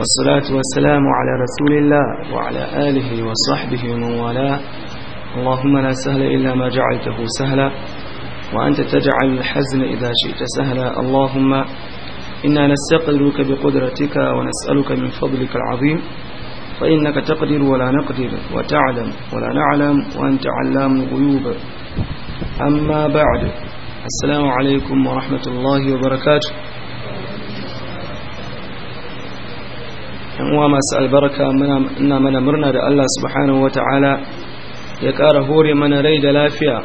والصلاة والسلام على رسول الله وعلى آله وصحبه ومن والاه اللهم لا سهل إلا ما جعلته سهلا وأنت تجعل الحزن إذا شئت سهلا اللهم إنا نستقدرك بقدرتك ونسألك من فضلك العظيم فإنك تقدر ولا نقدر وتعلم ولا نعلم وأنت علام الغيوب أما بعد السلام عليكم ورحمة الله وبركاته uwa masu albarka ina mana murna da Allah subhanahu ta'ala ya ƙara hore mana rai da lafiya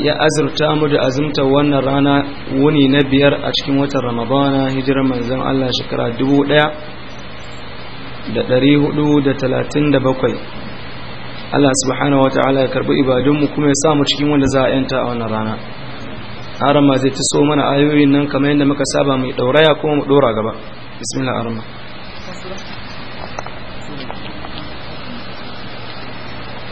ya azurta mu da azumta wannan rana wuni na biyar a cikin watan ramadana hijirar manzon Allah shekara dubu ɗaya da ɗari hudu da talatin da bakwai Allah subhanahu ta'ala ya karɓi ibadunmu kuma ya samu cikin wanda za a yanta a wannan rana arama zai ta so mana ayoyin nan kamar yadda muka saba mai ɗauraya kuma mu ɗora gaba bismillah arma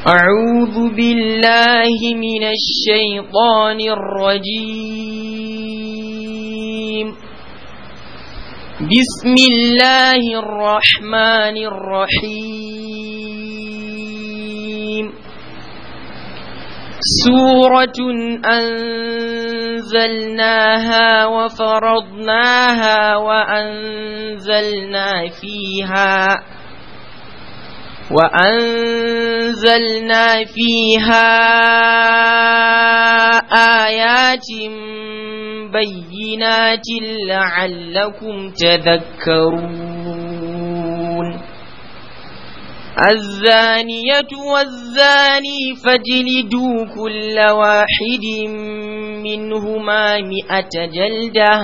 أعوذ بالله من الشيطان الرجيم بسم الله الرحمن الرحيم سورة أنزلناها وفرضناها وأنزلنا فيها وأنزلنا فيها آيات بينات لعلكم تذكرون الزانية والزاني فاجلدوا كل واحد منهما مئة جلده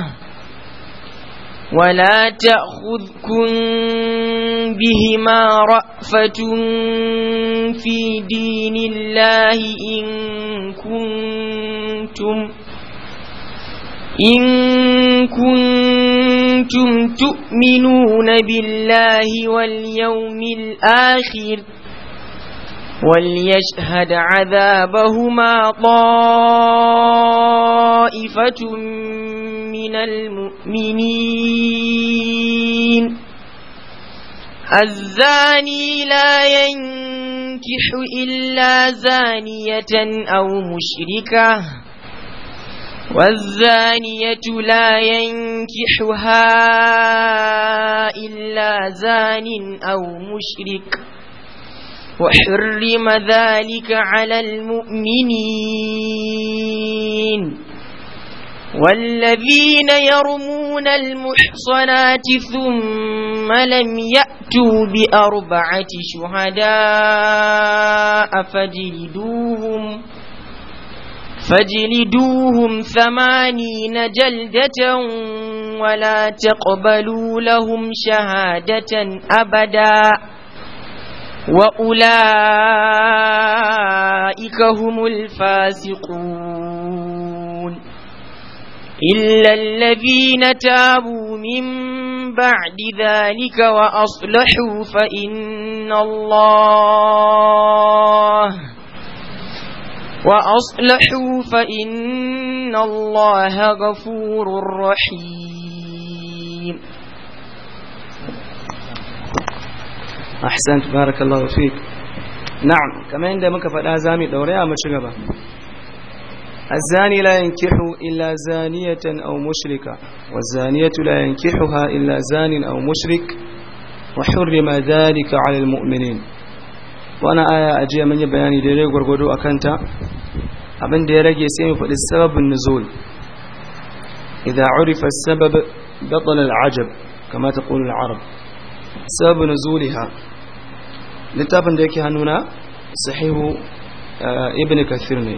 ولا تأخذكم بهما رأفة في دين الله إن كنتم إن كنتم تؤمنون بالله واليوم الآخر وليشهد عذابهما طائفة من المؤمنين الزاني لا ينكح إلا زانية أو مشركة والزانية لا ينكحها إلا زان أو مشرك وحرم ذلك على المؤمنين والذين يرمون المحصنات ثم لم يأتوا بأربعة شهداء فجلدوهم فجلدوهم ثمانين جلدة ولا تقبلوا لهم شهادة أبداً وأولئك هم الفاسقون إلا الذين تابوا من بعد ذلك وأصلحوا فإن الله وأصلحوا فإن الله غفور رحيم أحسنت بارك الله فيك نعم كما عند faɗa zamu dauraya mu ci الزاني لا ينكح إلا زانية أو مشركة والزانية لا ينكحها إلا زان أو مشرك وحرم ذلك على المؤمنين وأنا آية أجي من يبياني ديري غرغدو أكنتا أبن ديري يسيم فالسبب النزول إذا عرف السبب بطل العجب كما تقول العرب سبب نزولها littafin da yake hannuna sahihu ibn kathir ne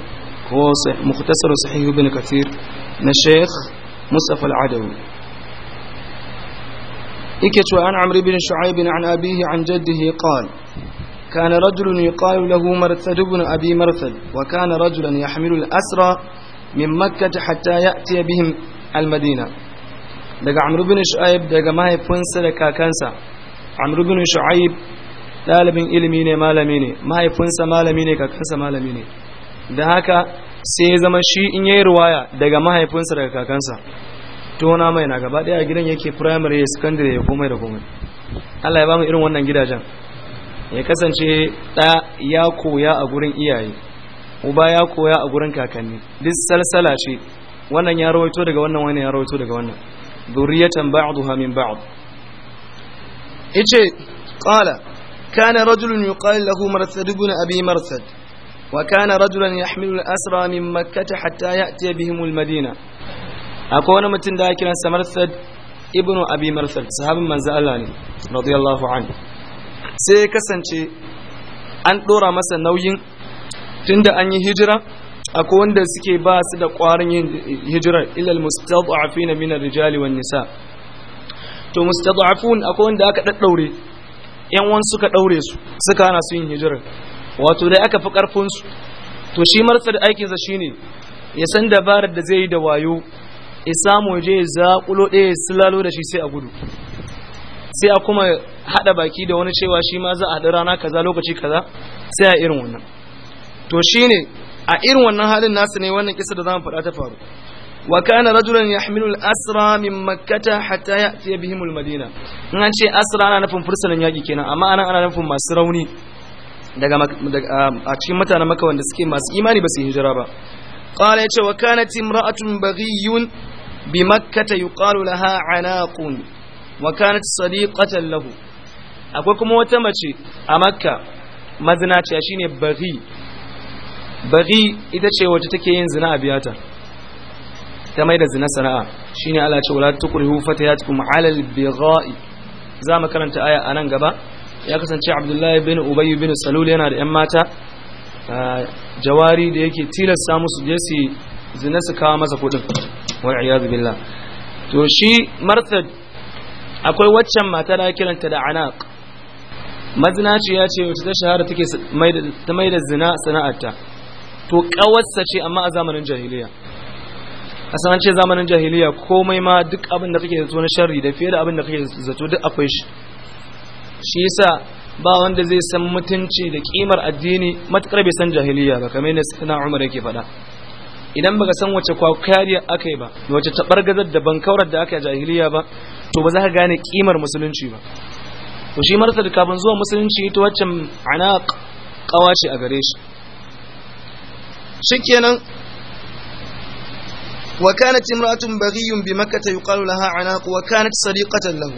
ko mukhtasar sahihu ibn kathir na sheikh mustafa al-adawi yake cewa an amr ibn shu'aib an abihi an jaddihi qala كان رجل يقال له مرثد بن أبي مرثد وكان رجلا يحمل الأسرى من مكة حتى يأتي بهم المدينة daga amru bin shu'aib daga mahaifinsa da kakansa amru bin shu'aib ɗalibin ilimi ne malami ne mahaifinsa malami ne kakansa malami ne da haka sai ya zama shi in yayi ruwaya daga mahaifinsa daga kakansa tona mai na gaba daya gidan yake primary ya secondary ya komai da komai Allah ya ba mu irin wannan gidajen ya kasance ɗa ya koya a gurin iyaye uba ya koya a gurin kakanni duk salsala ce wannan ya rawaito daga wannan wani ya rawaito daga wannan zuriyatan ba'duha min ba'd ice qala كان رجل يقال له مرثد بن أبي مرثد وكان رجلا يحمل الأسرى من مكة حتى يأتي بهم المدينة أكون متن داكنا سمرثد ابن أبي صحاب من رضي الله عنه kasance an ɗora masa nauyin tunda an yi hijira akwai wanda suke ba su da ƙwarin yin hijirar ilal mustad'afina min ar-rijali nisa to mustad'afun akwai wanda aka daddaure yan wan suka ɗaure su suka hana su yin hijira wato dai aka fi karfin su to shi marsa da aikinsa shine ya san dabarar da zai yi da wayo ya samu je ya zaƙulo ɗaya ya silalo da shi sai a gudu sai a kuma haɗa baki da wani cewa shi ma za a haɗu rana kaza lokaci kaza sai a irin wannan to shine a irin wannan halin nasu ne wannan kisa da za mu faɗa ta faru wa kana rajulan yahmilu al-asra min makkah hatta ya'ti bihim al-madina in an ce asra ana nufin fursunan yaki kenan amma ana nufin masu daga a cikin mutanen makka wanda suke masu imani ba su hijira ba qala yace wa kanat imra'atun baghiyun bi makkah yuqalu laha anaqun wa kanat sadiqatan lahu akwai kuma wata mace a makka mazinaciya shine baghi baghi ita ce wacce take yin zina a biyata ta mai da zina sana'a Shi ne Allah ce wala tukrihu fatayatukum ala al-bigha'i za mu karanta aya a nan gaba ya kasance Abdullahi bin ubayu bin Salul yana da yan mata jawari da yake tilasta musu je su zina su kawo masa kudin wal iyad billah to shi Marthad akwai waccan mata da kiranta da Anaq mazinaci ya ce wata ta shahara take ta mai da zina sana'arta to kawarsa ce amma a zamanin jahiliya a an ce zamanin jahiliya komai ma duk abin da kake zato na sharri da fiye da abin da kake zato duk akwai shi shi yasa ba wanda zai san mutunci da kimar addini matakar bai san jahiliya ba kamar yadda na Umar yake faɗa idan baka san wace kwakariya aka yi ba wace tabargazar da bankaurar da aka yi jahiliya ba to ba za ka gane kimar musulunci ba to shi da kafin zuwa musulunci ita wacce ana kawace a gare shi shikenan وكانت امرأة بغي بمكة يقال لها عناق وكانت صديقة له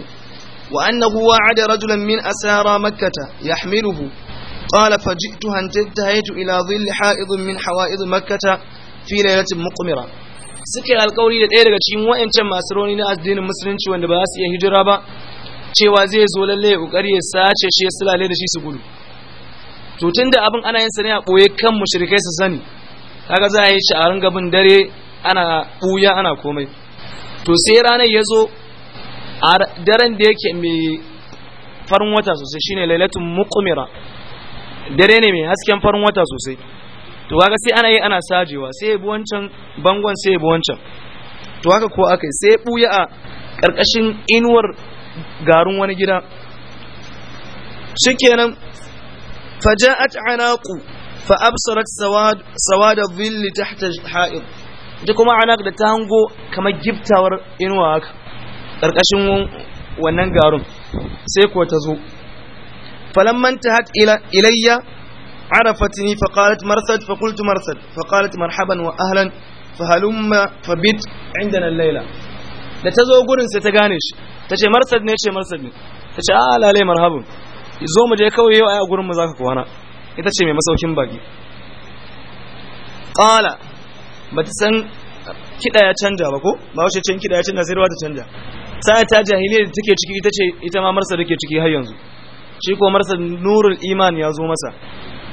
وأنه وعد رجلا من أسارى مكة يحمله قال فجئتها انتهيت إلى ظل حائض من حوائض مكة في ليلة مقمرة suka alkawari da ɗaya daga cikin wa'ancan masu rauni na addinin musulunci wanda ba su iya hijira ba cewa zai zo lalle kokari ya sace shi ya sulale da shi su gudu to da abin ana yin sa ne a boye kan mushrikai su sani kaga za a yi shi a ringa bin dare ana ɓuya ana komai to sai ranar ya zo a daren da yake mai farin wata sosai shine lailatun muqmira dare ne mai hasken farin wata sosai to kaga sai ana yi ana sajewa sai yabi wancan bangon sai yabi wancan to haka ko aka yi sai buya a karkashin inuwar garin wani gida shikenan faja'at anaqu fa absarat sawad sawad dhill tahta ha'ir ita kuma ana da ta hango kamar giftawar inuwa haka ƙarƙashin wannan garin sai kuwa ta zo falamman ta hat ilayya arafatini faƙalat marsad faƙultu marsad faƙalat marhaban wa ahlan fahalumma fabit inda nan laila da ta zo gurin sai ta gane shi ta ce marsad ne ce marsad ne ta ce a ah, lalai marhabin zo mu je kawai yau a gurin mu za ka kwana ita ce mai masaukin baki ƙala ba ta san kiɗa ya canja ba ko ba wace can kiɗa ya canja sai rawa ta canja sai ta jahiliya da take ciki ita ce ita ma marsa da ciki har yanzu shi ko marsa nurul iman ya zo masa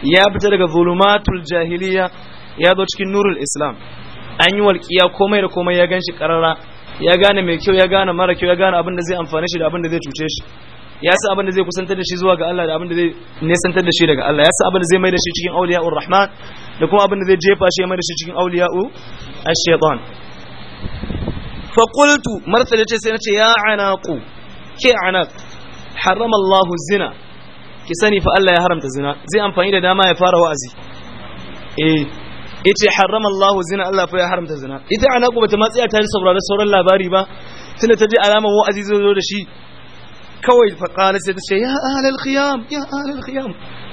ya fita daga zulumatul jahiliya ya zo cikin nurul islam an yi walƙiya komai da komai ya gan shi ƙarara ya gane mai kyau ya gane mara kyau ya gane abin da zai amfane shi da abin da zai cuce shi ya san abin da zai kusantar da shi zuwa ga Allah da abin da zai nesantar da shi daga Allah ya san abin da zai mai da shi cikin auliya'ur rahman da kuma abin da zai jefa shi mai da shi cikin auliya'u ash-shaytan fa qultu martala ce sai nace ya anaqu ke anaq harrama Allahu zina ki sani fa Allah ya haramta zina zai amfani da dama ya fara wa'azi eh yace harrama Allahu zina Allah fa ya haramta zina ita anaqu bata ma tsaya ta saurari sauran labari ba tunda ta ji alamar wa'azi zai zo da shi kawai faƙalar sai ta ce ya alal khiyam ya alal khiyam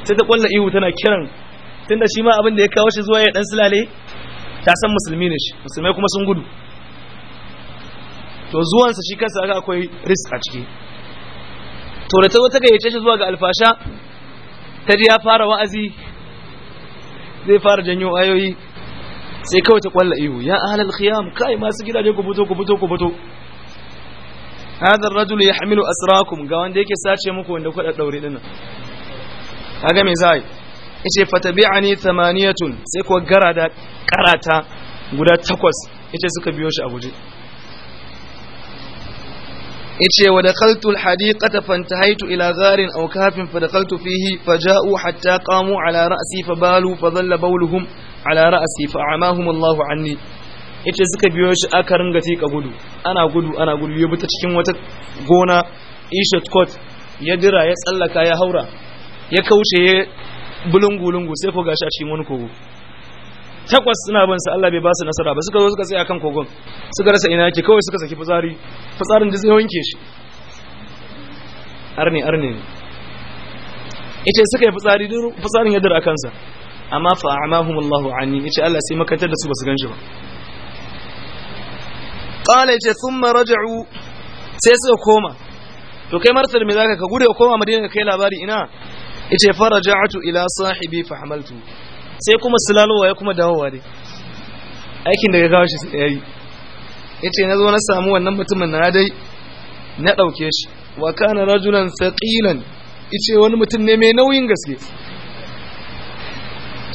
sai ta ƙwalla ihu tana kiran tunda shi ma abin da ya kawo shi zuwa ya ɗan sulale ta san musulmi ne shi musulmai kuma sun gudu to zuwansa shi kansa aka akwai risk a ciki to da ta zo ta gayyace shi zuwa ga alfasha ta ji ya fara wa'azi zai fara janyo ayoyi sai kawai ta ƙwalla ihu ya alal khiyam kai masu gidaje ku fito ku fito ku fito hadha ar ya hamilu asrakum ga wanda yake sace muku wanda kuka daure dinnan kaga me zai yace fatabi'ani thamaniyatun sai ko gara da karata guda takwas ita suka biyo shi a guje yace wa dakhaltu al fanta fantahaytu ila gharin aw kafin fa dakhaltu fihi faja'u hatta kamu ala ra'asi fa balu fa dhalla bawluhum ala ra'si fa amahum anni yace suka biyo shi aka ringa tika gudu ana gudu ana gudu ya buta ta cikin wata gona ishat court ya dira ya tsallaka ya haura ya kaushe ya bulungu-lungu sai ko gashi a cikin wani kogo takwas suna ban sa Allah bai ba su nasara ba suka zo suka tsaya kan kogon suka rasa ina yake kawai suka saki fitsari fitsarin da zai wanke shi arne arne ne ita suka yi fitsari fitsarin ya dira kansa amma fa amahum anni ita Allah sai makantar da su basu ganshi ba kala yace sun raja'u sai suka koma to kai martar me zaka ka gure koma madina kai labari ina yace faraja'tu ila sahibi fa hamaltu sai kuma silalowa ya kuma dawowa dai aikin da ya kawo shi yayi yace nazo na samu wannan mutumin na dai na dauke shi wa kana rajulan saqilan yace wani mutum ne mai nauyin gaske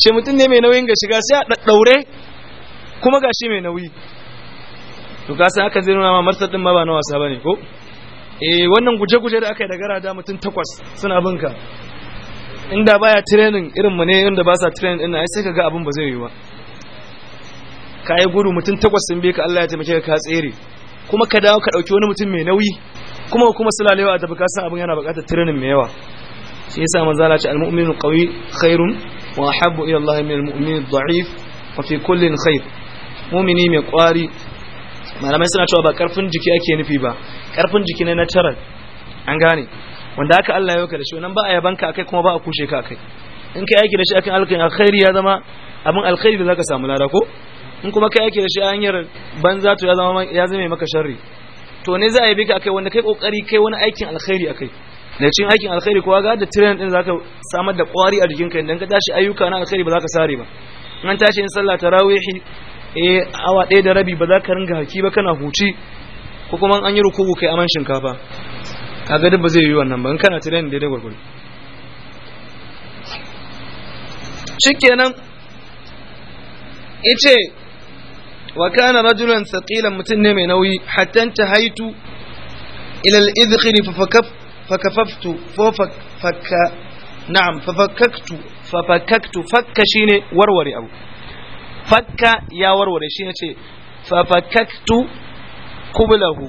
ce mutum ne mai nauyin ga sai a daddaure kuma gashi mai nauyi to ka san haka zai nuna ma martar din ma ba na wasa bane ko eh wannan guje-guje da aka yi da garada mutum takwas suna bin ka inda baya training irin mu ne inda ba sa training din ai sai ka ga abin ba zai yi ba ka yi gudu mutum takwas sun bi ka Allah ya taimake ka ka tsere kuma ka dawo ka dauki wani mutum mai nauyi kuma kuma sulalewa a tafi ka san abin yana bukatar training mai yawa shi yasa manzo Allah ya ce al-mu'minu qawi khairun wa ahabbu ila Allah min al-mu'min ad-da'if wa fi kullin khair mu'mini mai kwari malamai suna cewa ba karfin jiki ake nufi ba karfin jiki ne tarar an gane wanda aka Allah ya yauka da shi nan ba a yabanka akai kuma ba a kushe ka akai in kai aiki da shi akan alkhairi alkhairi ya zama abin alkhairi da zaka samu lada ko in kuma kai aiki da shi a hanyar banza to ya zama ya zame maka sharri to ne za a yabe ka akai wanda kai kokari kai wani aikin alkhairi akai da cikin aikin alkhairi kowa ga da train din zaka samar da kwari a jikin ka idan ka tashi ayyuka na alkhairi ba zaka sare ba an tashi in sallah tarawih eh awa ɗaya da rabi ba za ka ringa haki ba kana huci ko kuma an yi rukuku kai aman shinkafa A duk ba zai yi wannan ba in kana tunani daidai gwargwaro shikenan ice wa kana rajulan thaqilan mutum ne mai nauyi hatan ta haitu, ilal izikiri fakafaftu fa fakka na'am fa fakkaktu fakka shine warware abu fakka ya warware shi ya ce fafakaktu kublahu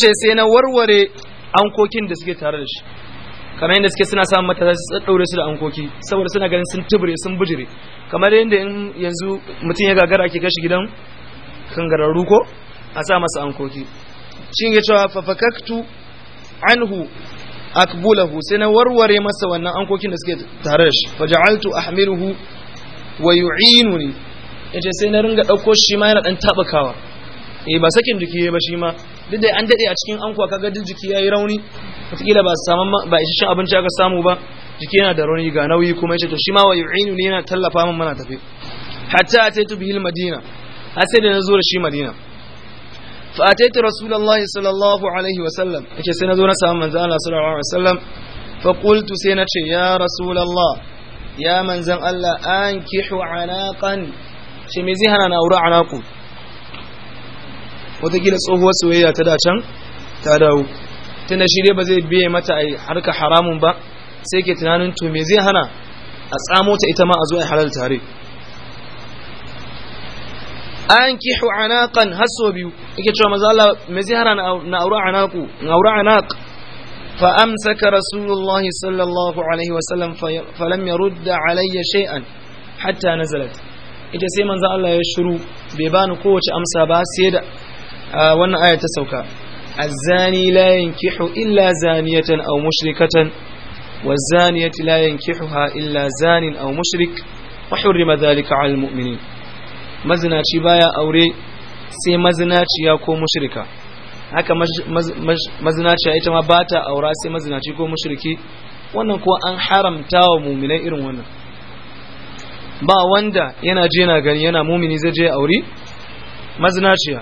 ce sai na warware ankokin da suke tare da shi kamar yadda suke suna samun matasa su ɗaure su da ankoki saboda suna ganin sun tubure sun bujire kamar yadda yanzu mutum ya gagara ake kashi gidan kangararru ko a sa masa ankoki shin ya cewa fafakaktu anhu akbulahu sai na warware masa wannan ankokin da suke tare da shi faja'altu ahmiruhu wa yu'inuni yace sai na ringa dauko shi ma yana dan tabakawa eh ba sakin jiki ba shi ma duk da an dade a cikin ankuwa kaga duk jiki yayi rauni wataƙila ba saman ba isasshen abinci aka samu ba jiki yana da rauni ga nauyi kuma yace to shi ma wa yu'inuni yana tallafa min mana tafi hatta ataitu bihil madina har sai da na zo da shi madina fa ataitu rasulullahi sallallahu alaihi wa sallam yace sai na zo na samu manzo Allah sallallahu alaihi wa sallam fa qultu sai na ce ya rasulullah ya manzan Allah an kihu alaƙan shi mai zai hana na wuri alaƙu watakila tsohuwar soyayya ta dacen ta dawo tunda shi dai ba zai biye mata a harka haramun ba sai ke tunanin to me zai hana a tsamo ta ita ma a zo a halal tare an kihu alaƙan har biyu ake cewa mazala mai me zai hana na aure alaƙu na alaƙu فأمسك رسول الله صلى الله عليه وسلم فلم يرد علي شيئا حتى نزلت ita sai manzo Allah ya shiru bai bani kowace amsa ba sai da wannan aya ta sauka azani la yankihu illa zaniyatan aw mushrikatan wa wazaniyati la yankihuha illa zanin aw mushrik wa hurrima dhalika 'alal mu'minin mazinaci baya aure sai mazinaciya ko mushrika haka mazinaciya ita ma ba ta aura sai mazinaci ko mushriki wannan kuwa an haramta wa muminai irin wannan ba wanda yana je yana gani yana mumini zai je auri mazinaciya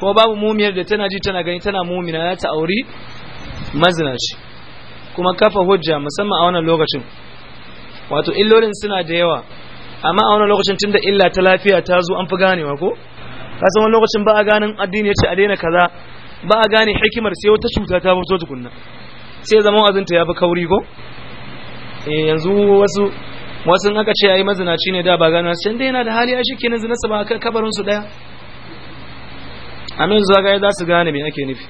ko babu mumiyar da tana ji tana gani tana mumina ya ta auri mazinaci kuma kafa hujja musamman a wannan lokacin wato illolin suna da yawa amma a wannan lokacin tunda illa ta lafiya ta zo an fi ganewa ko kasan wani lokacin ba a ganin addini ya ce a daina kaza ba a gane hikimar sai wata cuta ta fito tukunna sai zama azinta ya fi kauri ko eh yanzu wasu wasu in aka ce yayi mazinaci ne da ba gana can dai yana da hali ai shikenan zinarsa ba ka kabarin su daya amma yanzu ga za su gane me ake nufi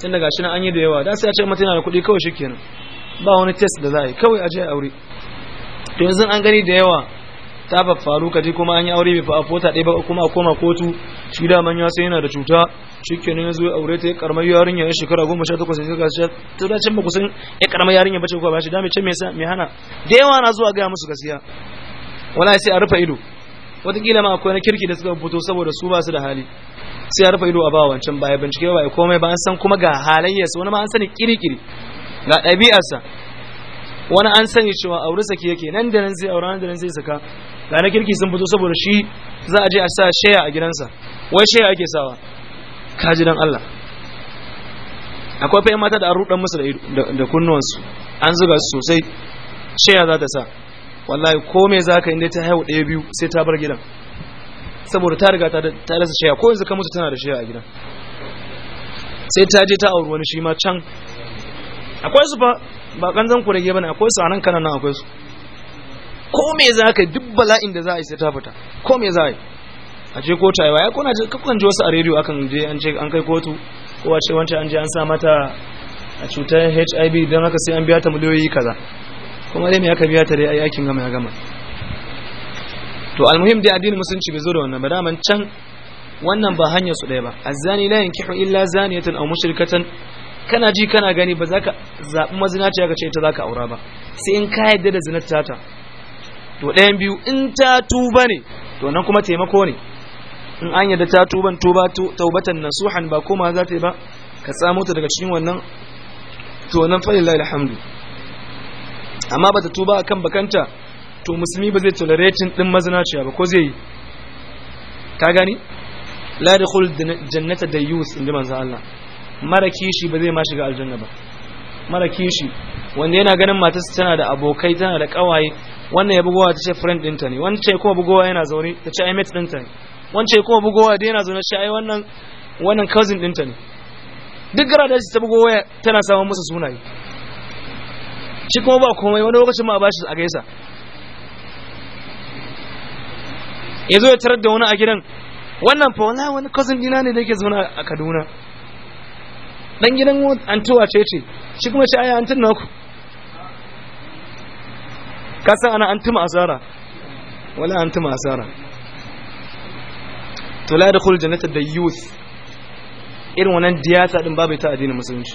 tun daga shi an yi da yawa da sai a ce mutum yana da kuɗi kawai shikenan ba wani test da za a yi kawai a je aure to yanzu an gani da yawa ta faru ka kuma an yi aure bai faa fota ɗaya ba kuma a koma kotu shi da man sai yana da cuta shikenan yazo ya aure ta karma yarinya ya shekara 18 sai ga shi to da can ba kusan ya karma yarinya bace ko ba shi da me ce me yasa me hana da yawa na zuwa ga musu gaskiya wallahi sai a rufe ido watakila ma akwai na kirki da suka fito saboda su ba su da hali sai a rufe ido a ba wancan baya bincike ba komai ba an san kuma ga halayyarsa wani ma an sani kirikiri ga ɗabi'arsa wani an sanya cewa aure saki yake nan da nan zai aure nan da nan zai saka ga na kirki sun fito saboda shi za a je a sa shaya a gidansa wai shaya ake sawa kaji dan Allah akwai fa mata da an rudan musu da kunnuwansu an zuga su sosai shaya za ta sa wallahi ko me za ka inda ta haihu ɗaya biyu sai ta bar gidan saboda ta riga ta rasa shaya ko yanzu ka mutu tana da shaya a gidan sai ta je ta auri wani shi ma can akwai su fa ba kanzan kurege bane akwai su anan kana nan akwai su ko me za ka duk bala'in da za a yi sai ta fita ko me za a yi a je kotu a yi waya kuna kan ji wasu a rediyo akan je an ce an kai kotu ko a ce wancan an je an sa mata a cutar hiv don haka sai an biya ta miliyoyi kaza kuma dai me aka biya ta dai ai aikin gama ya gama to almuhim dai addinin musulunci bai zo da wannan ba daman can wannan ba hanyar su ɗaya ba azzani la yankihu illa zaniyatan aw mushrikatan kana ji kana gani ba za ka zaɓi mazinaciya ka ce ta za ka aura ba sai in ka yadda da zinar tata to ɗayan biyu in ta tuba ne to nan kuma taimako ne in an yadda ta tuban tuba taubatan nasuhan ba koma za ta yi ba ka samu ta daga cikin wannan to nan fa lillahi alhamdu amma ba ta tuba kan bakanta to musulmi ba zai tolerating din mazinaciya ba ko zai yi ka gani la yadkhul jannata wasu inda manzo Allah mara kishi ba zai ma shiga aljanna ba mara kishi wanda yana ganin matarsa tana da abokai tana da kawaye wannan ya bugowa ta ce friend dinta ne wancan kuma bugowa yana zaune ta ce mate dinta ne wancan kuma bugowa da yana zaune ta ce ai wannan wannan cousin dinta ne duk gara da ta bugo waya tana samun musu sunaye shi kuma ba komai wani lokacin ma a bashi a gaisa ya zo ya tarar da wani a gidan wannan fa wani cousin dina ne da yake zaune a Kaduna dan gidan antuwa ce ce shi kuma shi aya antun naku ka san ana antuma asara wala antuma asara to la dakhul jannata da youth irin wannan diyasa din babu ta addinin musulunci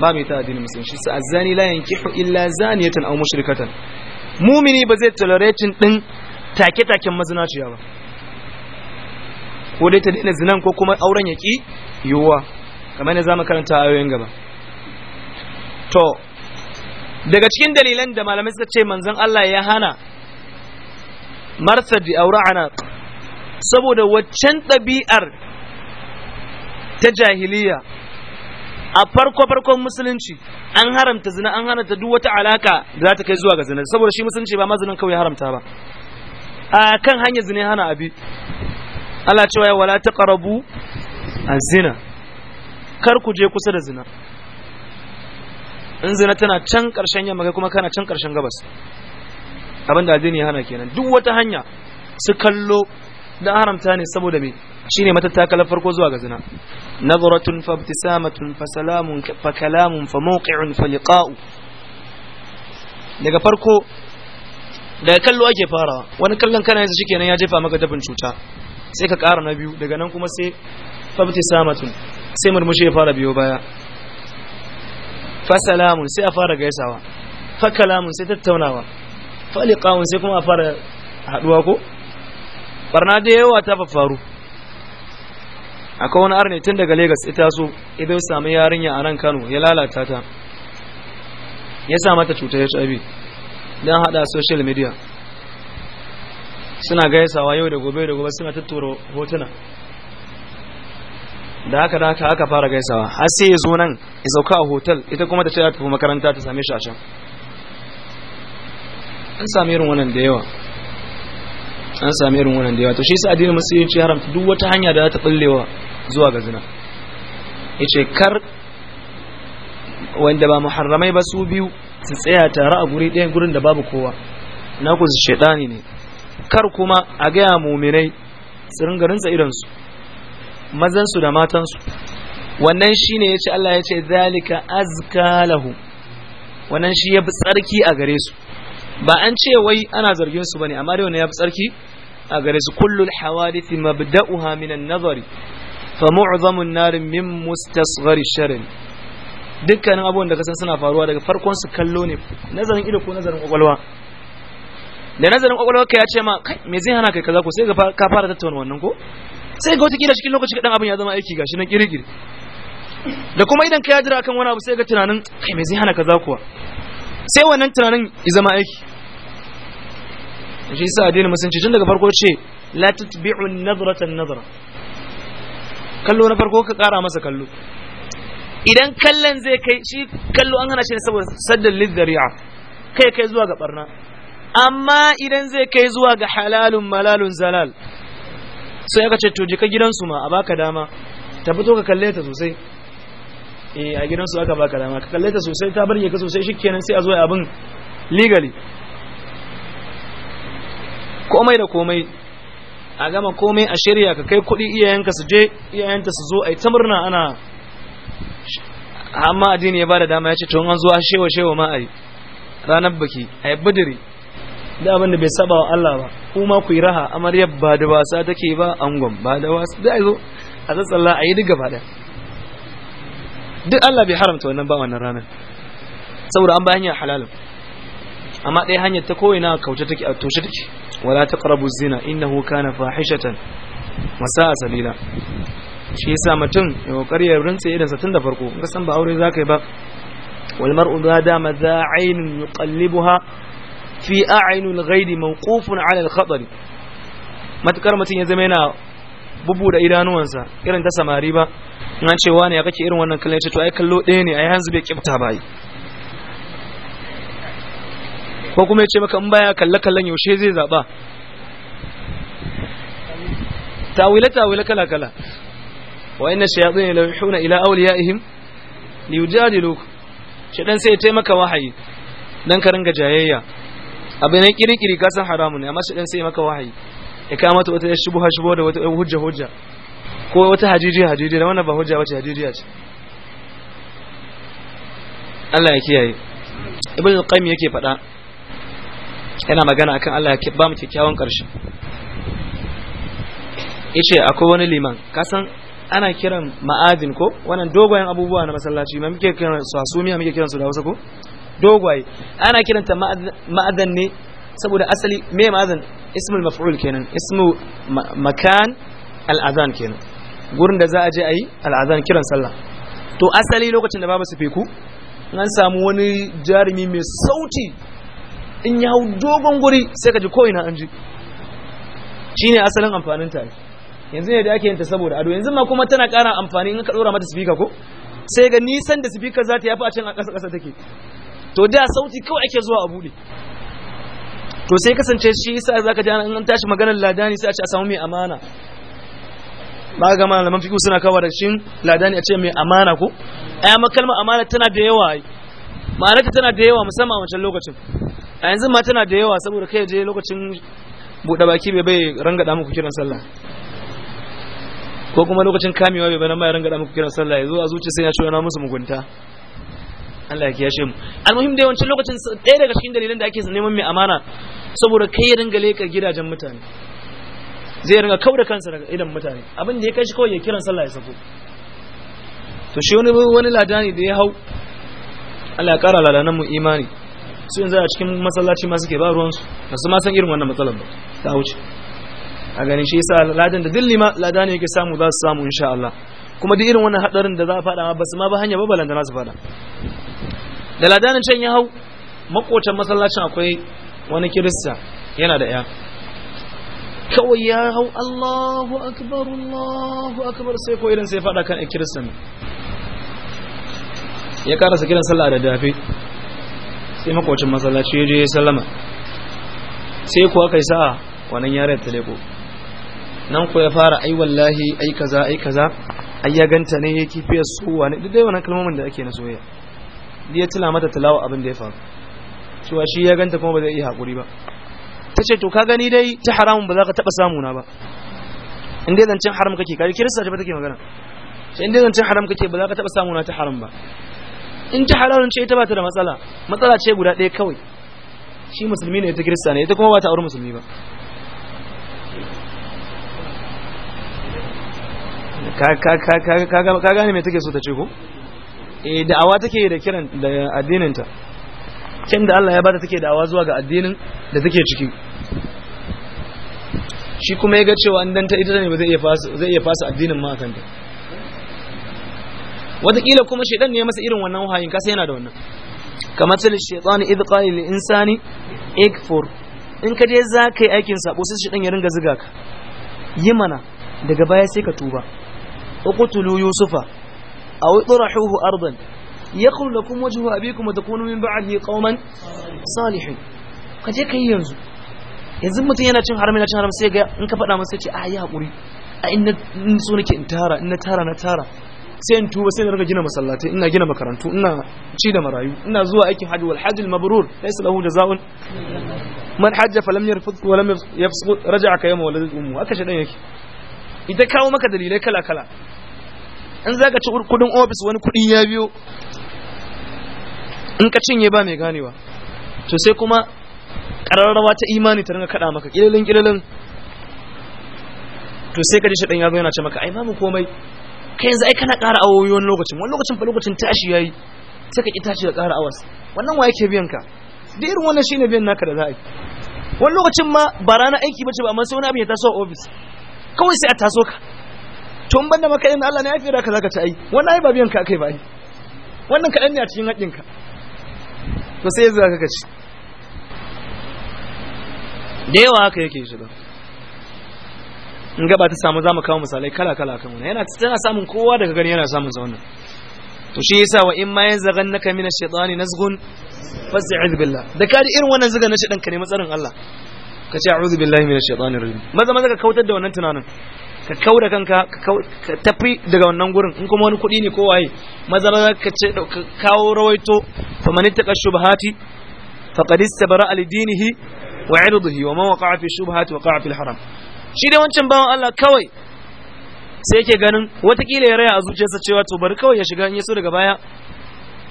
babu ta addinin musulunci sa azani la yankihu illa zaniyatan aw mushrikatan mumini ba zai tolerating din take-taken mazinaciya ba ko dai ta daina zinan ko kuma auren ya ki yiwuwa kamar ne za mu karanta ayoyin gaba to daga cikin dalilan da malamai suka ce manzon Allah ya hana marsadi aure ana saboda waccan ɗabi'ar ta jahiliya a farko farkon musulunci an haramta zina an haramta duk wata alaka da za ta kai zuwa ga zina saboda shi musulunci ba mazinin kawai haramta ba a kan hanyar zina hana abi Allah cewa ya wala ta ƙarabu a zina kar ku je kusa da zina in zina tana can ƙarshen yamma kai kuma kana can karshen gabas abin da addini hana kenan duk wata hanya su kallo da haramta ne saboda me shine matattakalar farko zuwa ga zina nazratun fa ibtisamatun fa salamun fa kalamun fa mawqi'un fa liqa'u daga farko daga kallo ake farawa wani kallon kana yanzu shikenan ya jefa maka dafin cuta sai ka ƙara na biyu daga nan kuma sai fa ibtisamatun sai murmushi ya fara biyo baya fa sai a fara gaisawa fa sai tattaunawa fa sai kuma a fara haduwa ko barna da yawa ta faru akwai wani arne tun daga Legas ita so idan sami samu yarinya a nan Kano ya lalata ta ya sa mata cutar HIV dan hada social media suna gaisawa yau da gobe da gobe suna tattara hotuna da haka da haka aka fara gaisawa har sai ya zo nan ya sauka a hotel ita kuma ta ce za ta tafi makaranta ta same shi a can an sami irin wannan da yawa an sami irin wannan da yawa to shi sai addinin musulunci ya haramta duk wata hanya da za ta bullewa zuwa ga zina yace kar wanda ba muharramai ba su biyu su tsaya tare a guri ɗaya gurin da babu kowa na ku su shaidani ne kar kuma a gaya muminai su ringa rinsa su. mazansu da matansu wannan shi ne ya ce Allah ya ce zalika azka lahu wannan shi ya fi tsarki a gare su ba an ce wai ana zargin su bane amma dai wannan ya fi tsarki a gare su kullul hawadith mabda'uha min an-nazari fa an nar min mustasghari ash-shar dukkanin abubuwan da kasan suna faruwa daga farkon su kallo ne nazarin ido ko nazarin kwakwalwa da nazarin kwakwalwa ka ya ce ma kai me zai hana kai kaza ko sai ka fara tattauna wannan ko sai ga wata kila cikin lokaci kaɗan abin ya zama aiki gashi nan kirigiri da kuma idan ka ya jira akan wani abu sai ga tunanin kai mai zai hana kaza kuwa sai wannan tunanin ya zama aiki shi yasa addinin musulunci tun daga farko ce la tutbi'u an-nadrata an-nadra kallo na farko ka kara masa kallo idan kallon zai kai shi kallo an hana shi ne saboda saddan lidhari'a kai kai zuwa ga barna amma idan zai kai zuwa ga halalun malalun zalal sai aka ce to je ka gidansu ma a baka dama ta fito ka kalle ta sosai eh a gidansu aka baka dama ka kalle ta sosai ta barge ka sosai shikenan sai a zo abin legally komai da komai a gama komai a shirya ka kai kuɗi iyayenka su je iyayenta su zo a yi ta murna ana amma addini ya bada dama ya ce to an zo a shewa shewa ma a yi ranar biki a yi budiri da abin da bai saba wa Allah ba kuma ku yi raha amaryar ba da wasa take ba angon ba da wasa da zo a tsatsalla a yi duk gaba duk Allah bai haramta wannan ba wannan ranar saboda an ba hanyar halalin amma ɗaya hanyar ta koyina kauce take a toshe take wala taqrabu zina innahu kana fahishatan wasa salila shi yasa mutum ya kokari ya rinse idansa tun da farko ka san ba aure zakai ba wal mar'u da dama za yuqallibuha fi a'inul ghaidi mawqufun 'ala al khatari matakar mutun ya zama yana bubu da idanuwansa irin ta samari ba an ce wani ya kake irin wannan kallon to ai kallo ɗaya ne ai hanzu bai kifta ba ko kuma ya ce maka in baya kalle kallon yaushe zai zaba tawila tawila kala kala wa inna shayatin la yuhuna ila awliyaihim liyujadilukum shedan sai ya taimaka wahayi dan ka ringa jayayya abin ne kirikiri kiri kasan haramun ne amma shi dan sai maka wahayi ya kawo mata wata shubuha shubuha da wata hujja hujja ko wata hajiji da wannan ba hujja wace hajijiya ce Allah ya kiyaye ibn al-qayyim yake faɗa yana magana akan Allah ya ba mu kyakkyawan ƙarshe yace akwai wani liman kasan ana kiran ma'adin ko wannan dogon abubuwa na masallaci ma muke kiran su asumiya muke kiran su da wasu ko dogwaye ana kiranta ma'adan ne saboda asali me ma'adan ismul maf'ul kenan ismu makan al'azan kenan gurin da za a je a yi al'azan kiran sallah to asali lokacin da babu su feku an samu wani jarumi mai sauti in ya hau dogon guri sai ka ji ina an ji shine asalin amfanin ta yanzu ne da ake ta saboda ado yanzu ma kuma tana ƙara amfani in ka ɗora mata speaker ko sai ga nisan da speaker za ta yafi a can a ƙasa ƙasa take to da sauti kawai ake zuwa a bude to sai kasance shi yasa zaka ji an tashi maganar ladani sai a ce a samu mai amana ba ga malaman fiqh suna kawo da shin ladani a ce mai amana ko ai kalmar amana tana da yawa ma'anarta tana da yawa musamman a wancan lokacin a yanzu ma tana da yawa saboda kai je lokacin bude baki bai bai da muku kiran sallah ko kuma lokacin kamewa bai bana mai da muku kiran sallah yazo a zuciya sai ya shoya na musu mugunta Allah ya kiyashe mu almuhim da yawancin lokacin ɗaya daga cikin dalilan da ake neman mai amana saboda kai ya dinga leƙa gidajen mutane zai ringa kauda kansa daga idan mutane abin da ya kai shi kawai ya kiran sallah ya sako to shi wani wani ladani da ya hau Allah ya kara ladanan mu imani su yanzu a cikin masallaci ma suke ba ruwansu ba su ma san irin wannan matsalar ba ta wuce a ganin shi yasa ladan da dillima ladani yake samu za su samu insha Allah kuma duk irin wannan hadarin da za a faɗa ba su ma ba hanya ba balanta na su faɗa da ladanin can ya hau makotan masallacin akwai wani kirista yana da ya kawai ya hau Allahu akbar Allahu akbar sai ko irin sai fada kan kirista ne ya su kiran sallah da dafe sai makocin masallaci ya je ya sallama sai kuwa kai sa'a wannan yare ta leko nan ko ya fara ai wallahi ai kaza ai kaza ai ya ganta ne ya kifiya suwa ne duk dai wannan kalmomin da ake na soyayya ya tila mata talawa abin da ya faru cewa shi ya ganta kuma ba zai yi haƙuri ba ta ce to ka gani dai ta haramun ba za ka taɓa samuna ba in dai zancen haram kake kare kirista ta take magana ce in dai zancen haram kake ba za ka taɓa samuna ta haram ba in ta halalun ce ita ba ta da matsala matsala ce guda ɗaya kawai shi musulmi ne ita kirista ne ita kuma ba ta auri musulmi ba ka gane me take so ta ce ko eh da'awa take da kiran da addinin ta kin da Allah ya bada take da'awa zuwa ga addinin da take ciki shi kuma ya ga cewa an danta ita ne ba zai iya fasa zai iya fasa addinin ma kanta wataƙila kuma shedan ne masa irin wannan wahayin kasa yana da wannan kamar sai shaytan idh qala lil insani ikfur in ka je za ka yi aikin sabo sai shedan ya ringa ziga ka yi mana daga baya sai ka tuba uqtulu yusufa aw turahuhu ardan yakhlu lakum wajhu abikum wa takunu min ba'dihi qauman salihin kaje kai yanzu yanzu mutum yana cin haram yana cin haram sai ga in ka faɗa masa a yi haƙuri a in so nake in tara in na tara na tara sai in tuba sai na riga gina masallatai ina gina makarantu ina ci da marayu ina zuwa aikin hajji wal hajjil mabrur laysa lahu jazaa'un man yake ita kawo maka dalilai kala kala in za ka ci kudin ofis wani kudin ya biyo in ka cinye ba mai ganewa to sai kuma ƙararrawa ta imani ta ringa kaɗa maka ƙilalin ƙilalin to sai ka ji shaɗin ya zo yana ce maka ai mamu komai kai yanzu ai kana ƙara awoyi wani lokacin wani lokacin fa lokacin tashi ya yi sai ka ƙi tashi ka ƙara awas wannan wa yake biyan ka da irin wannan shine biyan naka da za a yi wani lokacin ma ba rana aiki ba ce ba amma sai wani abin ya taso a ofis kawai sai a taso ka to in da maka yin Allah ne ya fi da ka zaka ci ai wannan ai ba biyan ka kai ba ai wannan kaɗan ne a cikin haƙƙin ka to sai yanzu ka ci da yawa haka yake shiga in ga ba ta samu zamu kawo misalai kala kala kan wannan yana tana samun kowa daga gani yana samun sa wannan to shi yasa wa in ma yanzaghannaka min ash-shaytani nazghun fasta'id billah da ka ji irin wannan zuga na dan ka ne matsarin Allah ka ce a'udhu billahi minash shaitanir rajim maza maza ka kautar da wannan tunanin ka kau da kanka ka tafi daga wannan gurin in kuma wani kuɗi ne ko waye maza maza ka ce ka kawo rawaito fa man ittaqa fa qad istabara li dinihi wa irdihi wa man waqa'a fi shubahati waqa'a fi al haram shi dai wancan bawan Allah kawai sai yake ganin watakila ya raya a zuciyarsa cewa to bari kawai ya shiga in ya so daga baya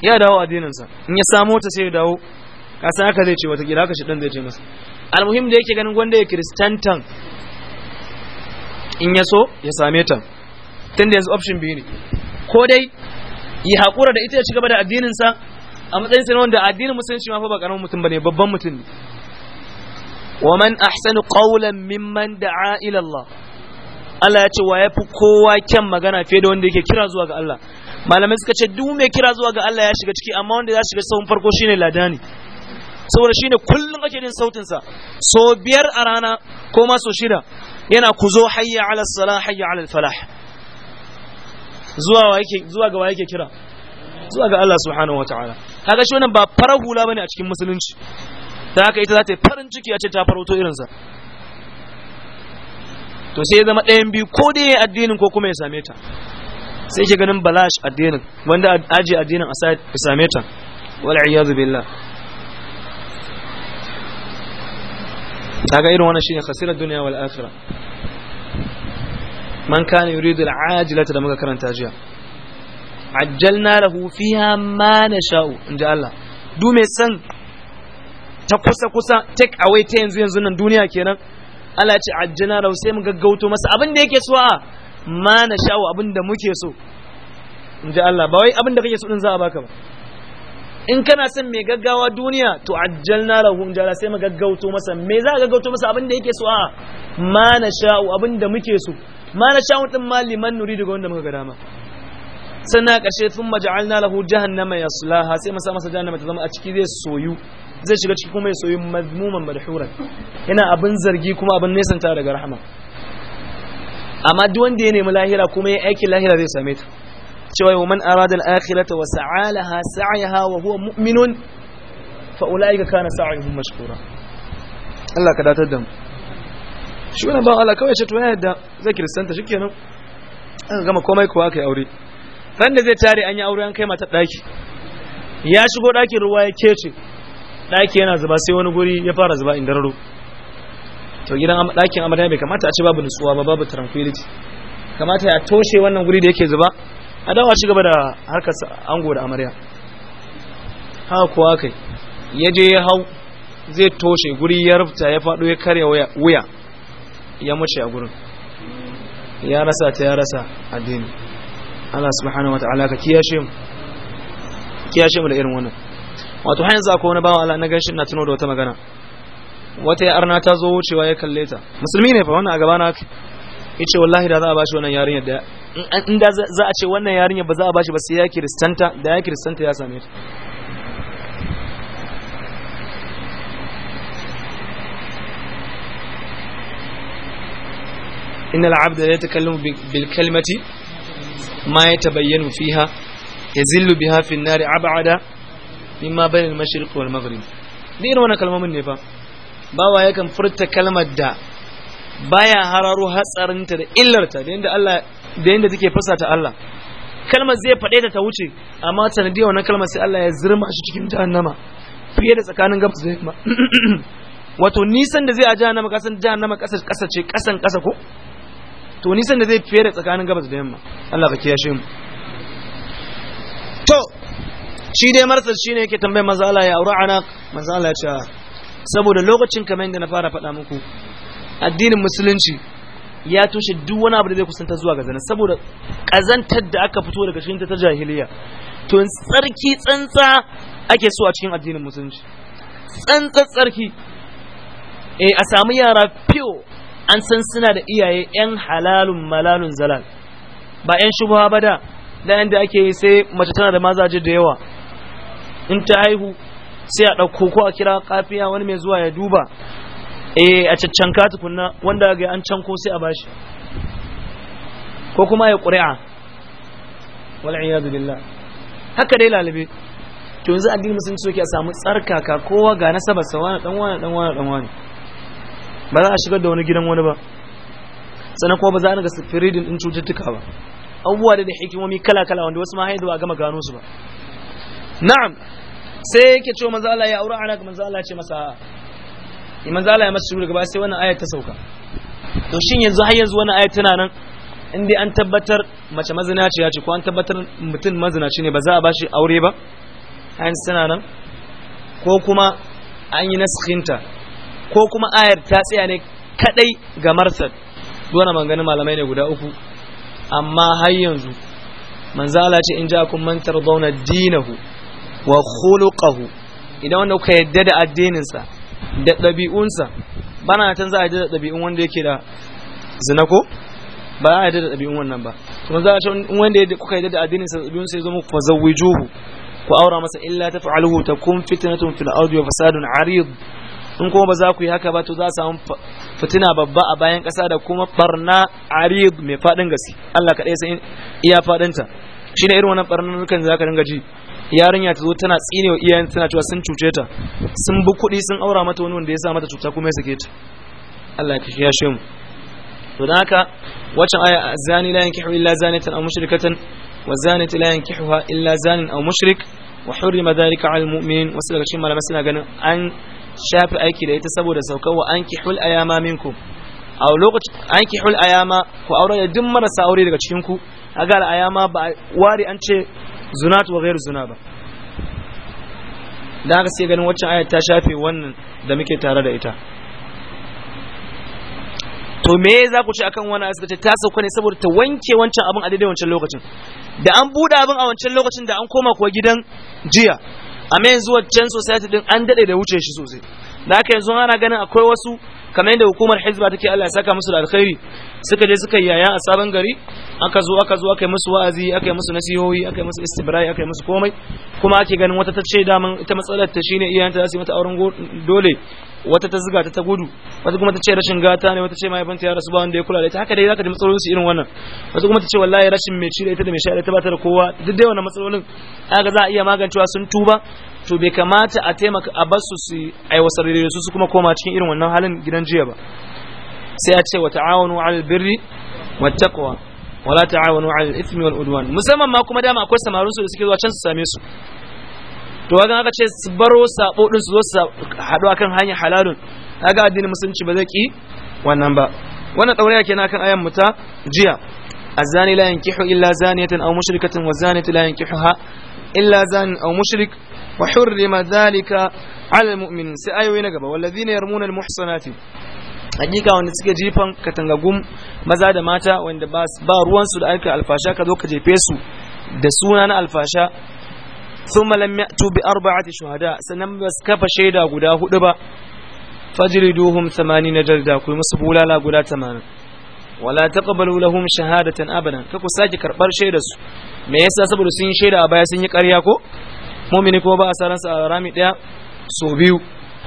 ya dawo addininsa in ya samo ta sai ya dawo ka san haka zai ce watakila haka shi dan zai ce masa almuhim da yake ganin wanda ya kristantan in ya so ya same ta tunda yanzu option biyu ne ko dai ya haƙura da ita ya ci gaba da addininsa a matsayin sa wanda addinin musulunci ma fa ba karamin mutum bane babban mutum ne wa man ahsanu qawlan mimman da'a ila Allah Allah ya ce wa yafi kowa kyan magana fiye da wanda yake kira zuwa ga Allah malamai suka ce duk mai kira zuwa ga Allah ya shiga ciki amma wanda ya shiga sahun farko shine ladani saboda shine kullum ake jin sautinsa, sa so biyar a rana ko ma so shida yana ku zo hayya ala salah hayya ala falah zuwa wa yake zuwa ga wa yake kira zuwa ga Allah subhanahu wataala kaga shi wannan ba farar hula bane a cikin musulunci ta haka ita za ta yi farin ciki a ce ta farauto irinsa to sai ya zama ɗayan biyu ko dai ya addinin ko kuma ya same ta sai ke ganin balash addinin wanda aji addinin a same ta wal iyadu billah kaga irin wannan shine khasirar duniya wal akhirah man kana yuridu al ajilata da muka karanta jiya ajjalna lahu fiha ma nasha'u inda Allah du mai san ta kusa kusa take away ta yanzu yanzu nan duniya kenan Allah ya ce ajjalna lahu sai mu gaggauto masa abin da yake so a ma nasha'u abin da muke so inda Allah ba wai abin da kake so din za a baka ba in kana san mai gaggawa duniya to ajjalna lahum jala sai mu gaggauto masa me za ka gaggauto masa abin da yake so a ma na sha'u abin da muke so ma na sha'u din ma nuri daga wanda muka ga dama sannan a ƙarshe sun maja'alna lahu jahannama yaslaha sai mu sa masa jahannama ta zama a ciki zai soyu zai shiga ciki kuma ya soyu mazmuman madhuran yana abin zargi kuma abin nesanta daga rahama amma duk wanda ya nemi lahira kuma ya aiki lahira zai same ta cewa yau man arada al-akhirata wa sa'alaha sa'yaha wa huwa mu'minun fa ulaika kana sa'yuhum mashkura Allah ka datar da mu shi wannan ba Allah kawai ce to yadda zai kiristanta shikenan an gama komai kuwa kai aure ran da zai tare an yi aure an kai mata daki ya shigo dakin ruwa ya kece daki yana zuba sai wani guri ya fara zuba indararo to gidan dakin amarya bai kamata a ce babu nutsuwa ba babu tranquility kamata ya toshe wannan guri da yake zuba a dawa ci gaba da harkar ango da amarya haka kuwa kai ya je ya hau zai toshe guri ya rufta ya faɗo ya karya wuya ya mace a gurin ya rasa ta ya rasa addini Allah subhanahu wa ta'ala ka kiyashe mu kiyashe mu da irin wannan wato hanyar yanzu akwai wani bawa Allah na ganshin na tuno da wata magana wata ya arna ta zo wucewa ya kalle ta musulmi ne fa wannan a gaba na yace wallahi da za a bashi wannan yarinyar da in da za a ce wannan yarinya ba za a bashi ba sai ya kiristanta da ya kiristanta ya same ta innal abda la yatakallamu bil kalimati ma yatabayyanu fiha yazillu biha fi an-nar ab'ada mimma bayna al-mashriq wal maghrib ni irin wannan kalmomin ne fa bawa yakan furta kalmar da baya hararo hatsarinta da illarta da yadda Allah da yadda take ta Allah kalmar zai faɗe ta ta wuce amma sanadiyar wannan kalmar sai Allah ya zirma shi cikin jahannama fiye da tsakanin gabas da yamma wato nisan da zai a jahannama kasan jahannama kasar kasa ce kasan kasa ko to nisan da zai fiye da tsakanin gabas da yamma Allah ya shi mu to shi dai marsa shine yake tambayar maza Allah ya aure ana maza Allah ya ce saboda lokacin kamar inda na fara faɗa muku addinin musulunci ya toshe duk wani abu da zai kusanta zuwa ga zanen saboda kazantar da aka fito daga cikin ta jahiliya to tsarki tsantsa ake so a cikin addinin musulunci tsantsa tsarki eh a samu yara fiyo an san suna da iyaye yan halalun malalun zalal ba yan shubha ba da dan da ake yi sai mace tana da mazaje da yawa in ta haihu sai a ɗauko ko a kira kafiya wani mai zuwa ya duba eh a cancanka tukunna wanda ga an canko sai a bashi ko kuma ya ƙuri'a wal'iyadu billah haka dai lalabe to yanzu addini musulunci soke a samu tsarkaka kowa ga na sa wani dan wani dan wani dan wani ba za a shigar da wani gidan wani ba sannan kuma ba za a ga sifiridin din cututtuka ba abubuwa da hikimomi kala kala wanda wasu ma haidu a gama gano su ba na'am sai yake ce manzo Allah ya aura ana manzo Allah ya ce masa sai manzo Allah ya masa shiru gaba sai wannan ayat ta sauka to shin yanzu har yanzu wannan ayat tana nan in dai an tabbatar mace ya ce ko an tabbatar mutum mazinaci ne ba za a bashi aure ba an suna nan ko kuma an yi naskhinta ko kuma ayar ta tsaya ne kadai ga marsad duwana maganganun malamai ne guda uku amma har yanzu manzo ce in ja'akum man tardawna dinahu wa khuluquhu idan wanda kuka yadda da addininsa da ɗabi'unsa ba na can za a yi da ɗabi'un wanda yake da zina ko ba za a yi da ɗabi'un wannan ba kuma za a shi wanda kuka yi da addinin sa ɗabi'un sai zama fa juhu ku aura masa illa ta fa'aluhu ta kun fitnatun fil ardi wa fasadun arid in kuma ba za ku yi haka ba to za a samu fitina babba a bayan ƙasa da kuma barna arid mai faɗin gaske Allah kaɗai san iya faɗinta shine irin wannan barnan nukan za ka dinga ji yarinya ta zo tana tsine wa iyayen tana cewa sun cuce ta sun bi kuɗi sun aura mata wani wanda ya sa mata cuta kuma ya sake ta Allah ya kashe ya shemu to dan haka wacce aya zani la yankihu illa zanatan aw mushrikatan wa zanati la yankihuha illa zanin aw mushrik wa hurrima dhalika 'ala almu'minin wasu daga cikin malamai suna ganin an shafi aiki da ita saboda saukar wa ankihul ayama minkum a lokacin ankihul ayama ku aure da duk marasa aure daga cikin ku aga ayama ba wari an ce zunat wa ghairu zuna ba da aka sai ganin waccan ayat ta shafe wannan da muke tare da ita to me za ku ci akan wani asibiti ta sauka ne saboda ta wanke wancan abin a daidai wancan lokacin da an buɗe abin a wancan lokacin da an koma kuwa gidan jiya amma yanzu wancan society din an daɗe da wuce shi sosai da haka yanzu ana ganin akwai wasu kamar yadda hukumar hizba take Allah ya saka musu da alkhairi suka je suka yaya a sabon gari aka zo aka zo aka yi musu wa'azi aka yi musu nasihohi aka yi musu istibrai aka yi musu komai kuma ake ganin wata ta ce daman ita matsalar ta shine iyayenta za su yi mata auren dole wata ta zuga ta ta gudu wata kuma ta ce rashin gata ne wata ce mahaifanta ya rasu ba wanda ya kula da ita haka dai zaka ji matsalolin su irin wannan wata kuma ta ce wallahi rashin mai ci da ita da mai sha da ita ba ta da kowa duk dai wannan matsalolin aka za a iya magancewa sun tuba to bai kamata a taimaka a basu su aiwasar da su kuma koma cikin irin wannan halin gidan jiya ba sai a ce wa ta'awunu 'alal birri wat taqwa wala ta'awunu 'alal ithmi wal udwan musamman ma kuma dama akwai samarun su da suke zuwa can su same su to kaga aka ce su baro sabo din su zo su hadu akan hanyar halalun kaga addinin musulunci ba zai ki wannan ba wannan dauraya kenan akan ayan muta jiya الزاني لا ينكح إلا زانية أو مشركة والزانية لا ينكحها إلا زان أو مشرك wa hurrima dhalika ala almu'min sai ayoyi na gaba wallazina yarmuna almuhsanati hakika wanda suke jifan katangagun maza da mata wanda ba ruwansu da aika alfasha ka zo ka jefe su da suna na alfasha ثم لم يأتوا بأربعة شهداء سنم بس كفا شيدا قدا هدبا فجلدوهم ثمانين جلدا كل مسبولا لا قدا ثمانا ولا تقبلوا mumini kuma ba a sa a rami ɗaya so biyu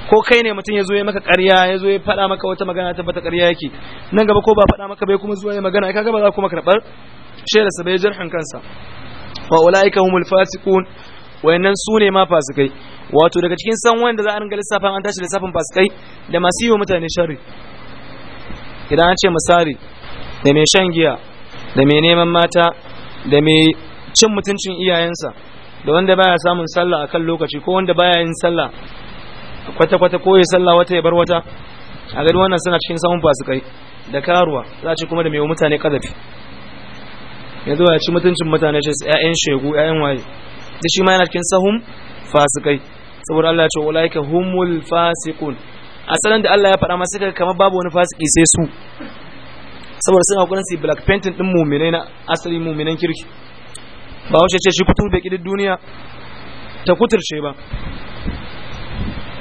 ko kai ne mutum ya zo ya maka ƙarya ya zo ya faɗa maka wata magana ta bata ƙarya yake nan gaba ko ba faɗa maka bai kuma zuwa ya magana kaga ba za kuma karɓar shaidar sa bai jarhin kansa wa ulaika humul fasiqun wayannan su ne ma fasikai wato daga cikin san wanda za a ringa lissafin an tashi lissafin fasikai da masu yi wa mutane sharri idan an ce misali da mai shan giya da mai neman mata da mai cin mutuncin iyayensa da wanda baya samun sallah a kan lokaci ko wanda baya yin sallah kwata kwata ko ya sallah wata ya bar wata a gani wannan suna cikin samun fasikai da karuwa za ci kuma da mai mutane kadafi yanzu ya ci mutuncin mutane shi ƴaƴan shegu ƴaƴan waye da shi ma yana cikin sahun fasikai saboda Allah ya ce yake humul fasiqun asalin da Allah ya faɗa masu suka kamar babu wani fasiki sai su saboda suna kokarin su black painting din mu'minai na asali mu'minan kirki ba wace ce shi kutur bai kidin duniya ta kuturce ba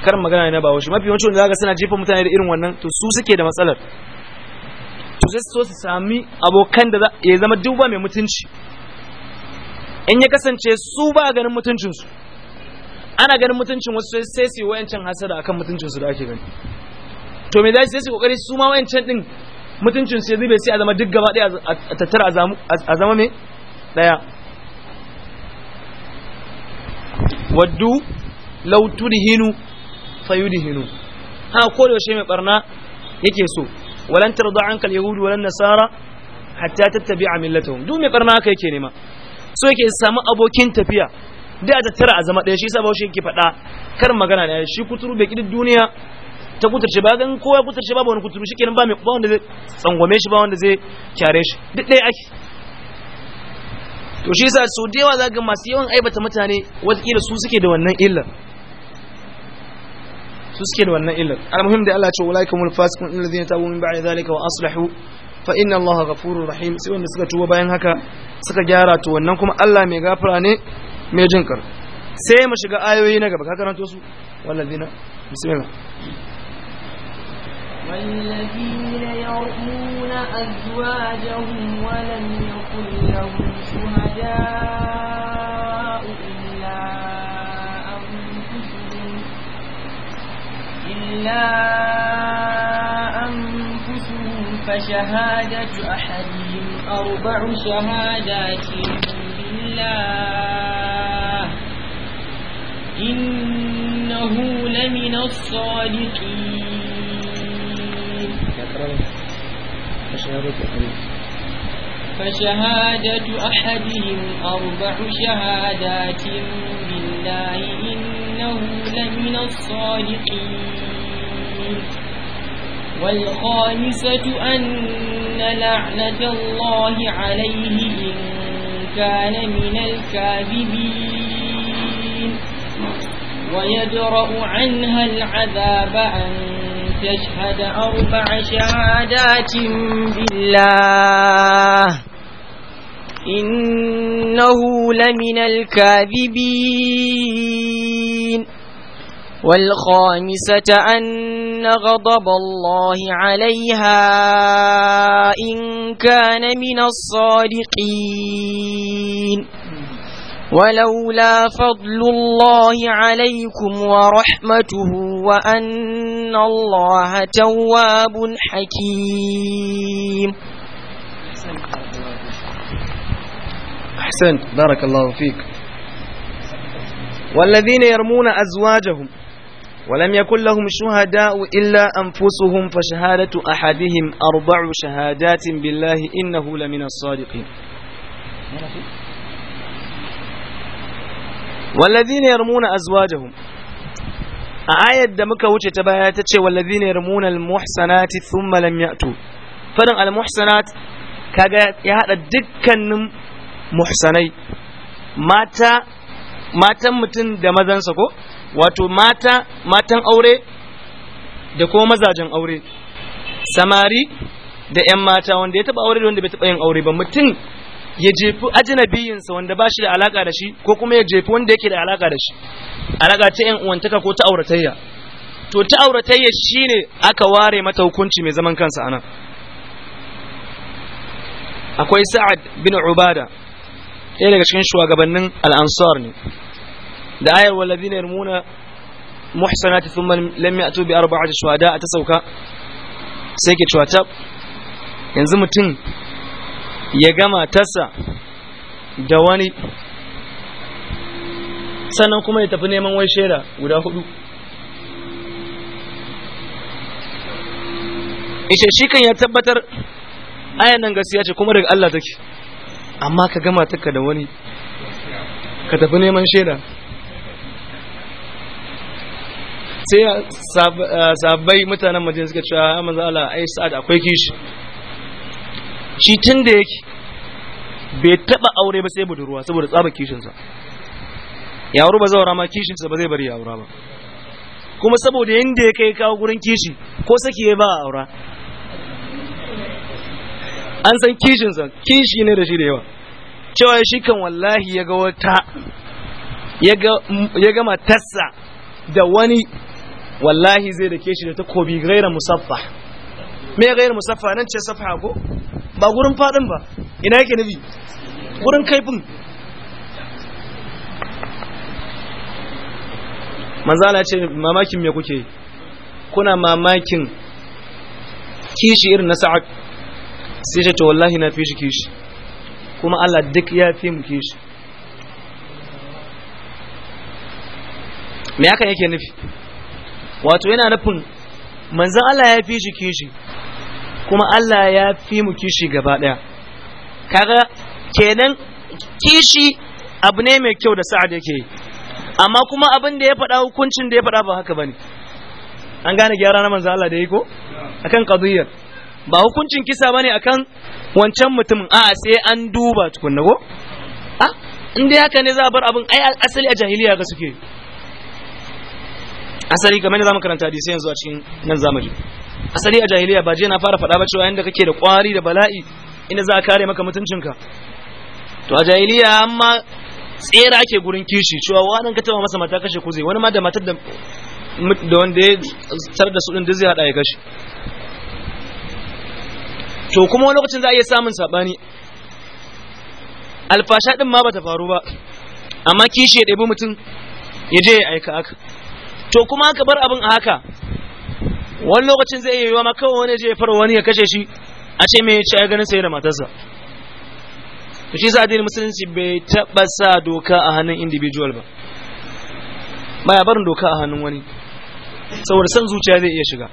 karin magana ne ba wace mafi wancan wanda zaka suna jefa mutane da irin wannan to su suke da matsalar to sai so su sami abokan da ya zama duba mai mutunci in ya kasance su ba ganin mutuncinsu ana ganin mutuncin wasu sai su yi wayancan hasada akan mutuncinsu da ake gani to me za su sai su kokari su ma wayancan din mutuncin su ya zube sai a zama duk gaba daya a tattara a zama me daya waddu lautun law tudhinu fayudhinu ha ko da yaushe mai barna yake so walan tarda anka alyahud walan nasara hatta tattabi'a millatahum duk mai barna aka yake nema so yake samu abokin tafiya da a tattara a zama ɗaya shi sa bawashi yake faɗa kar magana ne shi kuturu bai kidin duniya ta kuturce ba gan kowa kuturce babu wani kuturu kenan ba mai ba wanda zai tsangwame shi ba wanda zai kyare shi duk ɗaya ake to shi yasa su da yawa za ga masu yawan aibata mutane watakila su suke da wannan illar su suke da wannan illar almuhim da Allah ya ce ulaikumul fasiqun alladhina tabu min ba'di zalika wa aslihu fa inna allaha ghafurur rahim sai wanda suka tuba bayan haka suka gyara to wannan kuma Allah mai gafara ne mai jin kar sai mu shiga ayoyi na gaba ka karanto su walladina bismillah والذين يرمون أزواجهم ولم يقل لهم شهداء إلا أنفسهم إلا أنفسهم فشهادة أحدهم أربع شهادات بالله إنه لمن الصادقين شهادة أحدهم فشهادة أحدهم أربع شهادات بالله إنه لمن الصادقين والخامسة أن لعنة الله عليه إن كان من الكاذبين ويدرأ عنها العذاب أن تشهد أربع شهادات بالله إنه لمن الكاذبين والخامسة أن غضب الله عليها إن كان من الصادقين ولولا فضل الله عليكم ورحمته وأن الله تواب حكيم أحسنت بارك الله فيك والذين يرمون أزواجهم ولم يكن لهم شهداء إلا أنفسهم فشهادة أحدهم أربع شهادات بالله إنه لمن الصادقين wallazina yarmuna azwajahum a ayar da muka wuce ta baya ta ce wallazina yarmuna almuhsanati thumma lam ya'tu fadin almuhsanat kaga ya hada dukkanin muhsanai mata matan mutum da mazansa ko wato mata matan aure da kuma mazajen aure samari da 'yan mata wanda ya taba aure da wanda bai taba yin aure ba mutum ya jefi ajinabiyinsa wanda ba shi da alaka da shi ko kuma ya jefi wanda yake da alaka da shi alaka ta yan uwantaka ko ta auratayya to ta auratayya shine aka ware mata hukunci mai zaman kansa anan akwai sa'ad bin ubada ɗaya daga cikin shugabannin al'ansuwar ne da ayar wallazina yarmuna muhsanati thumma lam ya'tu bi arba'ati shuhada ta sauka sai ke cewa yanzu mutum ya gama tasa da wani sannan kuma ya tafi neman wai shaida guda hudu ishe shi kan ya tabbatar ayan nan gaskiya ce kuma daga Allah take amma ka gama taka da wani ka tafi neman shaida sai sabai eh, mutanen majalisar suka cewa ah, manzo Allah ai sa'ad akwai kishi shi tun da yake bai taba aure ba sai budurwa saboda tsaba kishinsa ya aure ba zaura ma kishinsa ba zai bari ya aura ba kuma saboda yadda ya kai kawo gurin kishi ko saki ya ba a aura an san kishinsa kishi ne da shi da yawa cewa shi kan wallahi ya ga wata ya ga matarsa da wani wallahi zai da kishi da takobi gaira musaffa me gaira musaffa nan ce safha ko ba gurin fadin ba ina yake nufi gurin kaifin manzala ce mamakin me kuke kuna mamakin kishi irin na sa'ad sai ce to wallahi na fi shi kishi kuma Allah duk ya fi mu kishi me haka yake nufi wato yana nufin manzan Allah ya fi shi kishi kuma Allah ya fi mu kishi gaba ɗaya kaga kenan kishi abu ne mai kyau da sa'ad yake yi amma kuma abin da ya faɗa hukuncin da ya faɗa ba haka bane an gane gyara na manzo Allah da yi ko akan qadiyyar ba hukuncin kisa bane akan wancan mutumin a sai an duba tukunna ko a ah, in haka ne za a bar abin ai asali a jahiliya ga suke asali game da zamu karanta hadisi yanzu a cikin nan zamani asali a jahiliya ba je na fara faɗa ba cewa yanda kake da ƙwari da bala'i inda za a kare maka mutuncinka to a jahiliya amma tsera ake gurin kishi cewa wani ka taba masa mata kashe kuzai? wani ma da matar da wanda ya tsar da su din da zai hada ya kashe to kuma wani lokacin za a iya samun sabani alfasha din ma bata faru ba amma kishi ya ɗebi mutum ya je ya aika aka to kuma aka bar abin a haka wani lokacin zai yi wa kawai wani je fara wani ya kashe shi a ce me a ganin sai da matarsa to shi sa adini musulunci bai taba sa doka a hannun individual ba baya barin doka a hannun wani saboda san zuciya zai iya shiga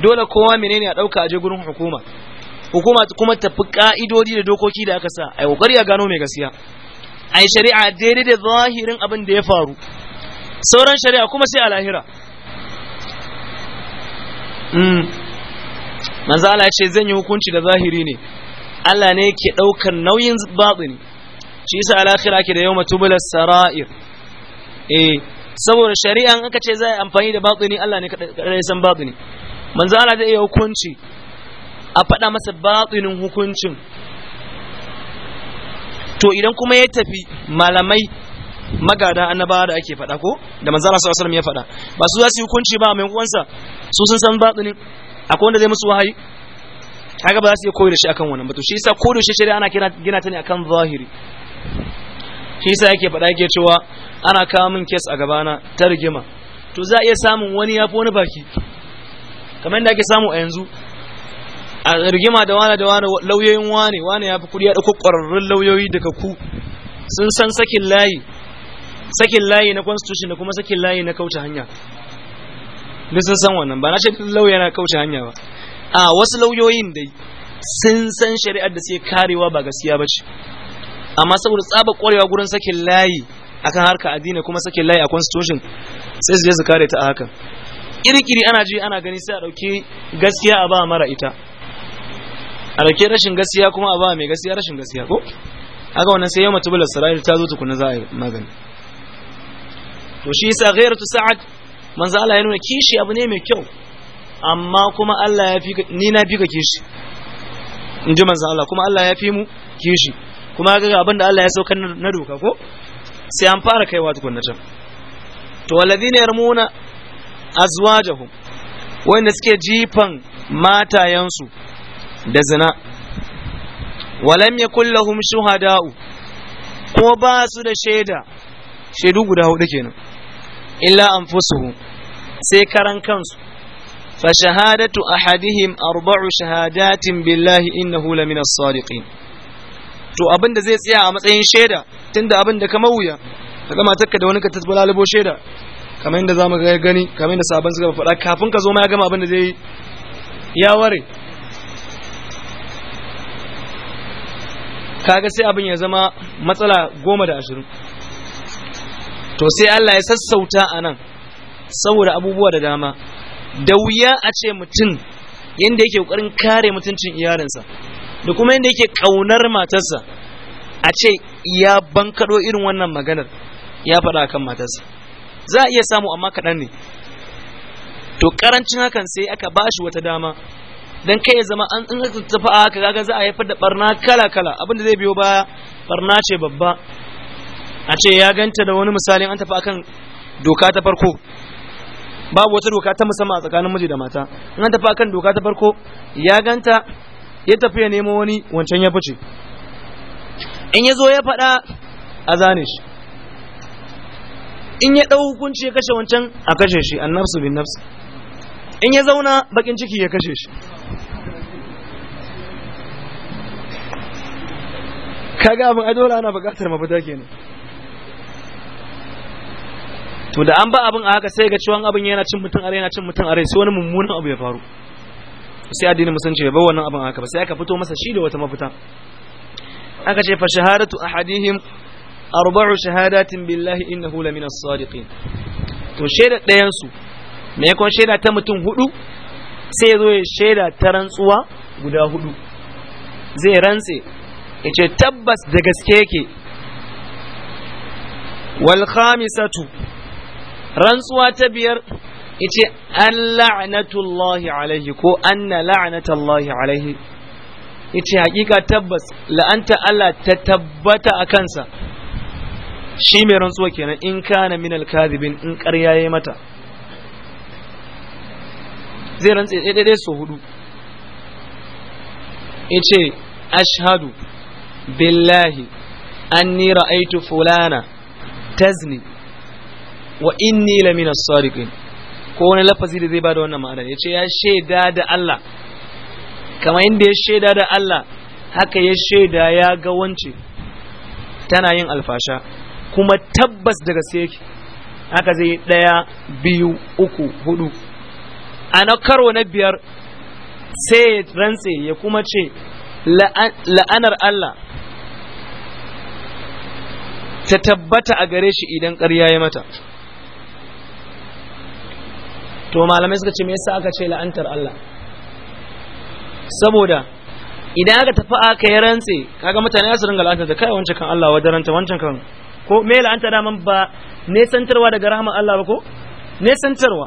dole kowa menene a dauka aje gurin hukuma hukuma kuma tafi ka'idodi da dokoki da aka sa yi kokari a gano mai gaskiya yi shari'a daidai da zahirin abin da ya faru sauran shari'a kuma sai a lahira hmm. manzo Allah ya ce zan yi hukunci da zahiri ne Allah ne yake daukar nauyin batini shi yasa lahira ke da yawma tubul sarair eh saboda shari'a in aka ce zai amfani da batini Allah ne kadai san batini manzo Allah zai iya hukunci a faɗa masa batinin hukuncin to idan kuma ya tafi malamai magada annabawa da ake faɗa ko da manzo Allah sallallahu alaihi wasallam ya faɗa ba su za su yi hukunci ba mai uwansa su sun san batsinin akwai wanda zai musu wahayi kaga ba za su iya koyi da shi akan wannan ba to shi yasa ko da shi shari'a ana gina ta ne akan zahiri shi yasa yake faɗa yake cewa ana kawo min kes a gabana ta rigima to za a iya samun wani ya fi wani baki kamar yadda ake samu a yanzu a rigima da wane da wane lauyoyin wane wane ya fi kudi ya ɗauko ƙwararrun lauyoyi daga ku sun san sakin layi sakin layi na constitution da kuma sakin layi na kauce hanya duk sun san wannan ba na ce lauya na kauce hanya ba a wasu lauyoyin dai sun san shari'ar da suke karewa ba gaskiya ba ce amma saboda tsaba kwarewa gurin sakin layi akan harka addini kuma sakin layi a constitution sai su je su kare ta a haka kirkiri ana ji ana gani sai a dauki gaskiya a ba mara ita a dauke rashin gaskiya kuma a ba mai gaskiya rashin gaskiya ko haka wannan sai yau mutubul sarai ta zo tukuna za a yi magani to shi yasa ghairatu sa'ad manzo Allah ya nuna kishi abu ne mai kyau amma kuma Allah ya fi ni na fi ka kishi in ji manzo Allah kuma Allah ya fi mu kishi kuma ga abin da Allah ya sauka na doka ko sai an fara kaiwa tukunna can to walladhina yarmuna azwajahum wanda suke jifan matayansu da zina walam yakul lahum shuhada'u ko ba su da shaida shaidu guda hudu kenan illa anfusuhu sai karan kansu fa shahadatu ahadihim arba'u shahadatin billahi innahu lamina as-sadiqin to abin da zai tsaya a matsayin shaida tunda abin da ka mawuya ka gama takka da wani ka tasbala labo shaida kamar yadda zamu ga gani kamar yadda sabon suka faɗa kafin ka zo ma ya gama abin da zai ya ware kaga sai abin ya zama matsala goma da ashirin to sai Allah ya sassauta a nan saboda abubuwa da dama da wuya a ce mutum yadda yake ƙoƙarin kare mutuncin iyalinsa da kuma yadda yake ƙaunar matarsa a ce ya bankaɗo irin wannan maganar ya faɗa kan matarsa za a iya samu amma kaɗan ne to ƙarancin hakan sai aka ba shi wata dama don kai ya zama an in aka tafi a haka za a haifar da barna kala kala abinda zai biyo baya barna ce babba a ce ya ganta da wani misalin an tafi akan doka ta farko babu wata doka ta musamman a tsakanin miji da mata in an tafi akan doka ta farko ya ganta ya tafi ya nemo wani wancan ya fice in ya zo ya faɗa a zane shi in ya ɗau hukunci ya kashe wancan a kashe shi an nafsu bin nafsu in ya zauna bakin ciki ya kashe shi kaga abin adola ana buƙatar mafita kenan to da an ba abin a haka sai ga ciwon abin yana cin mutum a rai yana cin mutum a rai sai wani mummunan abu ya faru sai addinin musulunci bai bar wannan abin a haka ba sai aka fito masa shi da wata mafita aka ce fa shahadatu ahadihim arba'u shahadatin billahi innahu lamina as-sadiqin to shaida ɗayan su me yakon shaida ta mutum hudu sai zo ya shaida ta rantsuwa guda hudu zai rantse ya ce tabbas da gaske yake wal khamisatu rantsuwa ta biyar yace an la'natullahi alaihi ko anna la'natullahi alaihi yace hakika tabbas la'anta Allah ta tabbata a kansa shi mai rantsuwa kenan in kana min alkadibin in ƙarya ya mata zai rantse daidai so hudu yace ashhadu billahi anni ra'aitu fulana tazni wa inni as sadiqin ko wani lafazi da zai bada wannan ma'ana ya ce ya shaida da Allah kamar inda ya shaida da Allah haka ya shaida ya ga wance tana yin alfasha kuma tabbas daga sai haka zai ɗaya biyu uku hudu a na karo na biyar sai ya rantse ya kuma ce la'anar Allah ta tabbata a gare shi idan ƙarya ya mata to malamai suka ce me yasa aka ce la'antar Allah saboda idan aka tafi aka yi rantse kaga mutane su ringa la'anta da kai wancan kan Allah wa daranta wancan kan ko me la'anta da man ba nesantarwa daga rahama Allah ba ko nesantarwa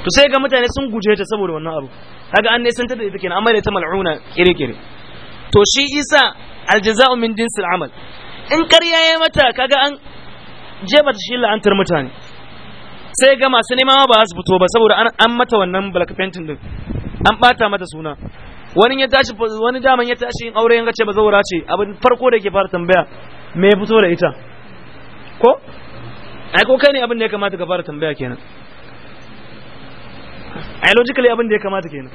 to sai ga mutane sun guje ta saboda wannan abu kaga an nesantar da ita kenan amma da ta mal'una kire-kire to shi isa aljaza'u min jinsil amal in ƙarya ya mata kaga an jeba shi la'antar mutane sai ga masu nema ba su fito ba saboda an mata wannan black painting din an bata mata suna wani ya tashi wani daman ya tashi in aure yanga ce ba zaura ce abin farko da ke fara tambaya me ya fito da ita ko ai ko kai ne abin da ya kamata ka fara tambaya kenan ai logically abin da ya kamata kenan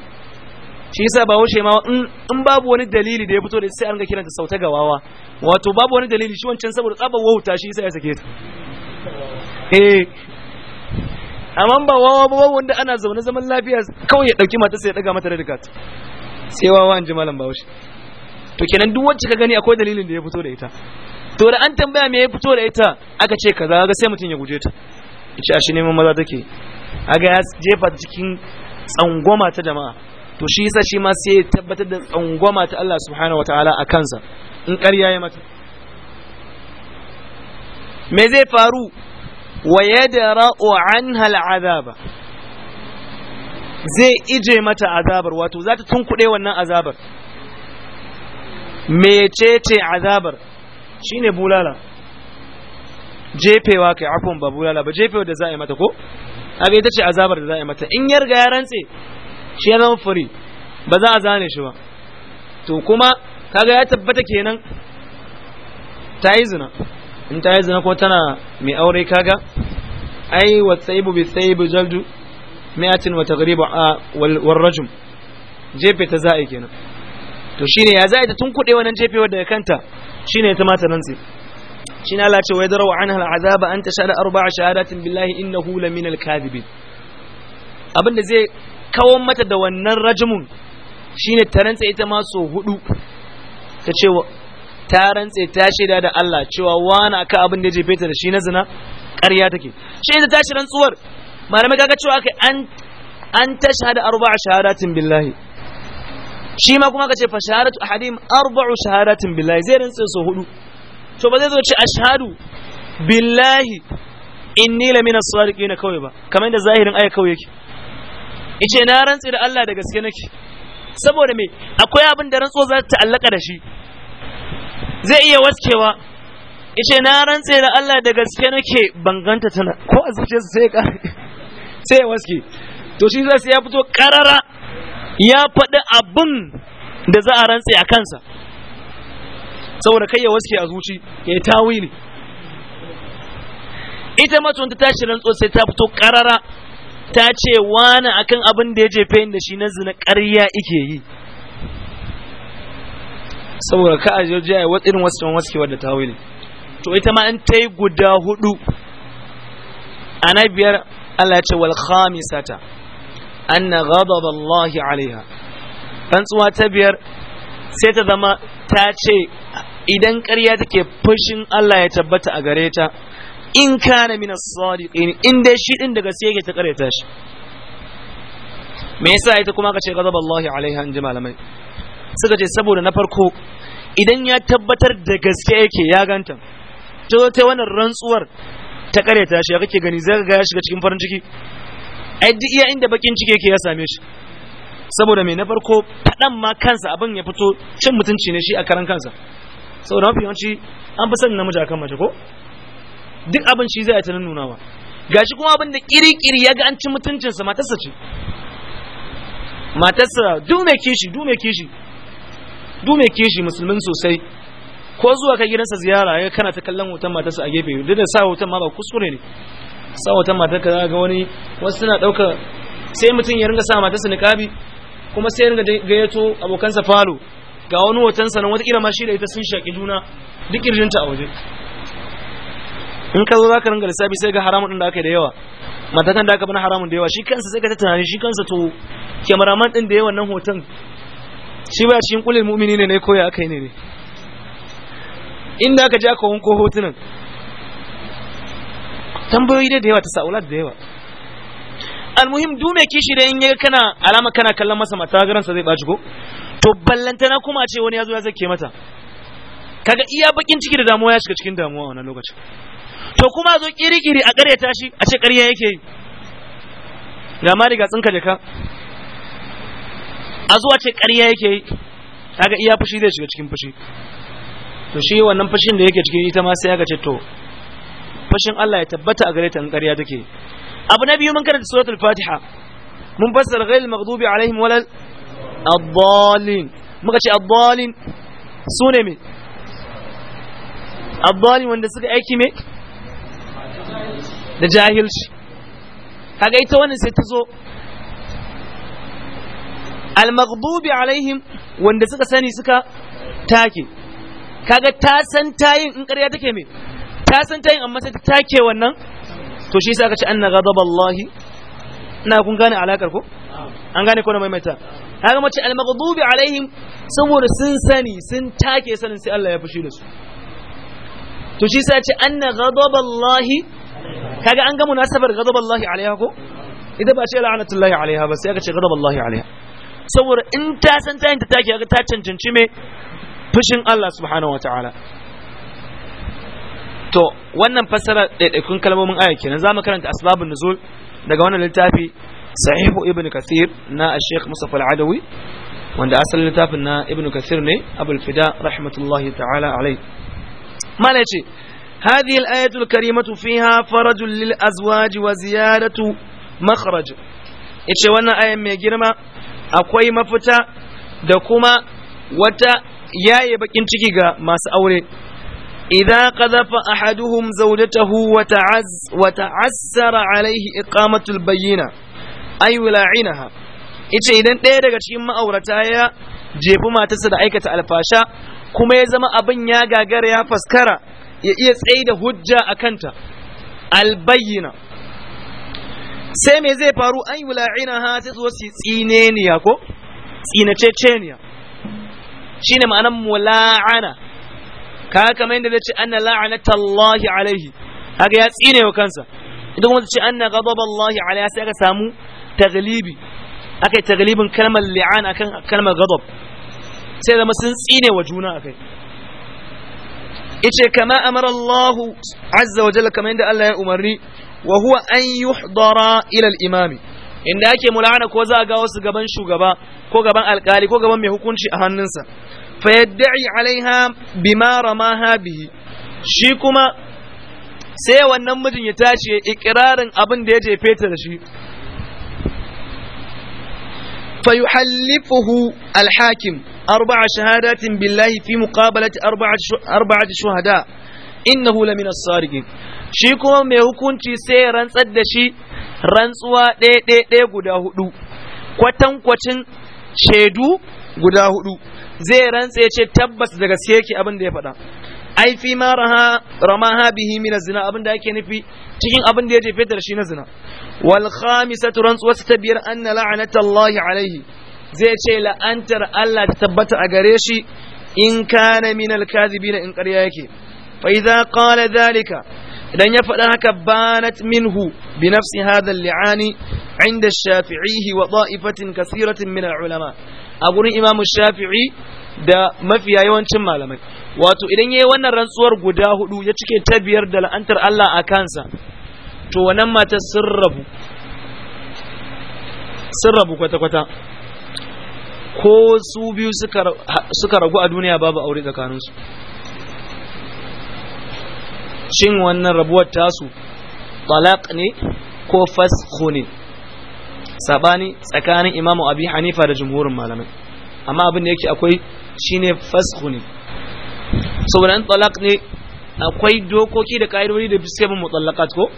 shi yasa ba wuce ma in babu wani dalili da ya fito da sai an ga kiranta sauta wawa wato babu wani dalili shi wancan saboda tsabar wauta shi yasa ya sake ta eh amma ba wawa ba wanda ana zaune zaman lafiya kawai ya dauki mata sai ya daga mata da sai wawa an ji malam to kenan duk wacce ka gani akwai dalilin da ya fito da ita to da an tambaya me ya fito da ita aka ce kaza ga sai mutum ya guje ta ce a shi neman maza take aga ya jefa cikin tsangwama ta jama'a to shi yasa shi ma sai ya tabbatar da tsangwama ta Allah subhanahu wataala a kansa in ƙarya ya mata me zai faru wa yadra'u anha al'azaba zai ije mata azabar wato za ta tunkuɗe wannan azabar Me ce mecece azabar shine bulala jefewa kai afon ba bulala ba jefewa da za a yi mata ko a aga ita ce azabar da za a yi mata in yar riga ya shi ya zama furi ba za a zane shi ba to kuma kaga ya tabbata kenan ta yi zina in ta yi zina ko tana mai aure kaga ai wa tsaibu bi tsaibu jaldu mi'atin wa taghribu wal rajum jefe ta za'i kenan to shine ya za'i ta tun kuɗe wannan jefewar daga kanta shine ya tamata nan sai shine Allah ce wa yadrawu anha al'azaba an tashhada arba'a shahadatin billahi innahu min al kadibin abinda zai kawo mata da wannan rajumun shine ta ita ma so hudu ta ce ta rantse ta shaida da Allah cewa wani aka abin da ya jefe ta da shi na zina ƙarya take shi inda ta shirin tsuwar malamai kaga cewa kai an an ta shahada arba'a shahadatin billahi shi ma kuma kace fa shahadatu ahadim arba'u shahadatin billahi zai rantse su hudu to ba zai zo ce ashhadu billahi inni lamina sadiqin kawai ba kamar da zahirin aya kawai yake ice na rantse da Allah da gaske nake saboda me akwai abin da rantsuwa za ta ta'allaka da shi zai iya waskewa ishe na rantse da Allah da gaske nake banganta tana ko a zuciyarsa sai ya sai ya waske to shi zai ya fito karara ya faɗi abin da za a rantse a kansa saboda kai ya waske a zuci ya yi tawili ita mace wanda ta shi sosai sai ta fito karara ta ce wani akan abin da ya jefe da shi na zina ƙarya ike yi saboda ka ajiyar jiya wasu irin wasu waskewar da wuli to ita ma in ta yi guda hudu ana biyar Allah ce wal khamisata gaba da Allah alaiha rantsuwa ta biyar sai ta zama ta ce idan ƙarya take fushin Allah ya tabbata a gare ta in kana min as-sadiqin in dai shi din daga sai yake ta ƙareta shi me yasa ita kuma ka ce ghadab Allah alaiha in ji malamai suka ce saboda na farko idan ya tabbatar da gaske yake ya ganta ta zo ta wannan rantsuwar ta ta shi ya kake gani zai ga ya shiga cikin farin ciki ai duk iya inda bakin ciki yake ya same shi saboda mai na farko faɗan ma kansa abin ya fito cin mutunci ne shi a karan kansa saboda mafi yawanci an fi son namiji akan mace ko duk abin shi zai ta nunawa gashi kuma abin da kirikiri ya ga an ci mutuncinsa matarsa ce matarsa duk mai kishi duk mai kishi Dume ke kishi musulmin sosai ko zuwa ka gidansa ziyara ya kana ta kallon hoton matarsa a gefe duk da sa hoton ma ba kuskure ne sa hoton matar ka ga wani wasu suna ɗauka sai mutum ya ringa sa matarsa niqabi kuma sai ya ringa gayyato abokansa falo ga wani hoton sa nan wata kila ma shi da ita sun shaki juna duk kirjinta a waje in ka zo zaka ringa lissafi sai ga haramun din da aka yi da yawa matakan da aka bana haramun da yawa shi kansa sai ka ta tunani shi kansa to kyamaraman din da yawan nan hoton shi ba cikin kulil mu'mini ne ne koya aka yi ne ne inda aka ji aka wanko hotunan tambayoyi da yawa ta sa'ula da yawa almuhim du mai kishi da in yaga kana alama kana kallon masa mata sa zai baci ko to na kuma ce wani ya zo ya zake mata kaga iya bakin ciki da damuwa ya shiga cikin damuwa wannan lokacin to kuma zo kiri-kiri a ƙaryata shi a ce ƙarya yake yi ga ma riga tsinka jaka a zuwa ce ƙarya yake yi kaga iya fushi zai shiga cikin fushi to shi wannan fushin da yake cikin ita ma sai aka ce to fushin Allah ya tabbata a gare ta in ƙarya take abu na biyu mun karanta suratul fatiha mun fassar ghayril maghdubi alaihim wal ad-dallin muka ce ad-dallin sune me ad-dallin wanda suka aiki me da jahilci kaga ita wannan sai ta zo almaghdubi alaihim wanda suka sani suka take kaga ta san tayin in ƙarya take me ta san tayin amma sai ta take wannan to shi yasa aka ce anna ghadaballahi ina kun gane alakar ko an gane ko na maimaita kaga mace almaghdubi alaihim saboda sun sani sun take sanin sai Allah ya fushi da su to shi yasa ce anna ghadaballahi kaga an ga munasabar ghadaballahi alaiha ko idan ba ce la'anatullahi alaiha ba sai aka ce ghadaballahi alaiha saboda in ta san ta ta take ga ta cancanci me fushin Allah subhanahu wataala to wannan fassara ɗaiɗaikun kalmomin aya kenan mu karanta asbabun nuzul daga wannan littafi sahihu ibn kathir na Sheikh Musaf al-Adawi wanda asalin littafin na ibn kathir ne abul fida rahmatullahi ta'ala alai mala yace هذه الآية الكريمة فيها فرج للأزواج وزيادة مخرج yace wannan ayan mai girma akwai mafita da kuma wata yaye bakin ciki ga masu aure idan kazafa ahaduhum haduhun wa wata wa alaihi iqamatul bayyina ay wila'inaha ita idan ɗaya daga cikin ma'aurata ya jefi matarsa da aikata alfasha kuma ya zama abin ya gagara ya faskara ya iya tsaye da hujja a kanta albayyana sai me zai faru an yi wula'ina ha sai zuwa su tsineniya ko tsinaceceniya shi ne ma'anar mula'ana ka kamar yadda zai ce an na la'anata Allahi alaihi haka ya tsine wa kansa ita kuma ta ce an na gadaba Allahi alaihi sai aka samu taglibi aka yi taglibin kalmar li'ana kan kalmar gadab sai zama sun tsine wa juna akai ice kama amara Allahu azza wa jalla kamar yadda Allah ya umarni wa huwa an yuhdara ila ilal imami inda ake mula'ana ko za a ga wasu gaban shugaba ko gaban alkali ko gaban mai hukunci a hannunsa fa yadda'i alaiha bima ramaha bihi shi kuma sai wannan mijin ya tashi ya ikirarin abin da ya jefe ta da shi fa yuhallifuhu alhakim arba'a shahadatin billahi fi muqabalati arba'ati shuhada innahu lamina as-sadiqin shi kuma mai hukunci sai ya rantsar da shi rantsuwa ɗaya guda hudu kwatankwacin shaidu guda hudu zai rantsa ya ce tabbas da gaske yake abin da ya faɗa ai fi ma ha bihi min zina abin da yake nufi cikin abin da ya jefe da shi na zina wal khamisatu rantsuwa ta biyar anna la'anata Allah alaihi zai ce la'antar Allah ta tabbata a gare shi in kana min al-kadhibina in ƙarya yake fa idza qala dhalika idan ya faɗa haka banat minhu bi nafsi hadha li'ani inda shafi'ihi wa da'ifatin kasiratin min ulama a gurin imamu shafi'i da mafiya yawancin malamai wato idan yayi wannan rantsuwar guda hudu ya cike ta biyar da la'antar Allah a kansa to wannan mata sun rabu sun rabu kwata-kwata ko su biyu suka ragu a duniya babu aure tsakaninsu shin wannan rabuwar tasu talaq ne ko fasxu ne sabani tsakanin imamu abi hanifa da jumhurin malamai amma abin da yake akwai shine fasxu ne saboda talaq ne akwai dokoki da ƙa'idodi da suke bin mutallaqat ko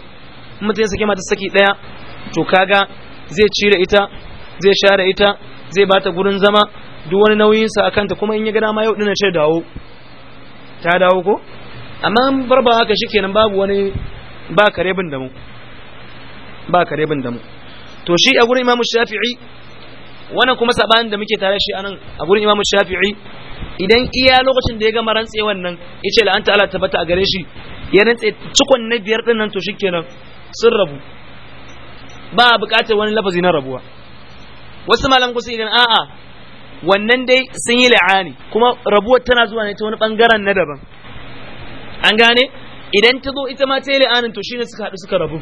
mutum ya sake mata saki daya to kaga zai cire ita zai share ita zai bata gurin zama duk wani nauyinsa akan ta kuma in ya gada ma yau dina ce dawo ta dawo ko amma an barba haka shikenan babu wani ba kare bin da mu ba kare bin da mu to shi a gurin imamu shafi'i wannan kuma sabanin da muke tare shi anan a gurin imamu shafi'i idan iya lokacin da ya gama rantsewa wannan, yace la anta ala tabata a gare shi ya rantse cikon na biyar din nan to shikenan sun rabu ba buƙatar wani lafazi na rabuwa wasu malam kusa idan a'a wannan dai sun yi la'ani kuma rabuwar tana zuwa ne ta wani bangaren na daban an gane idan ta zo ita ma ta yi la'anin to shi shine suka haɗu suka rabu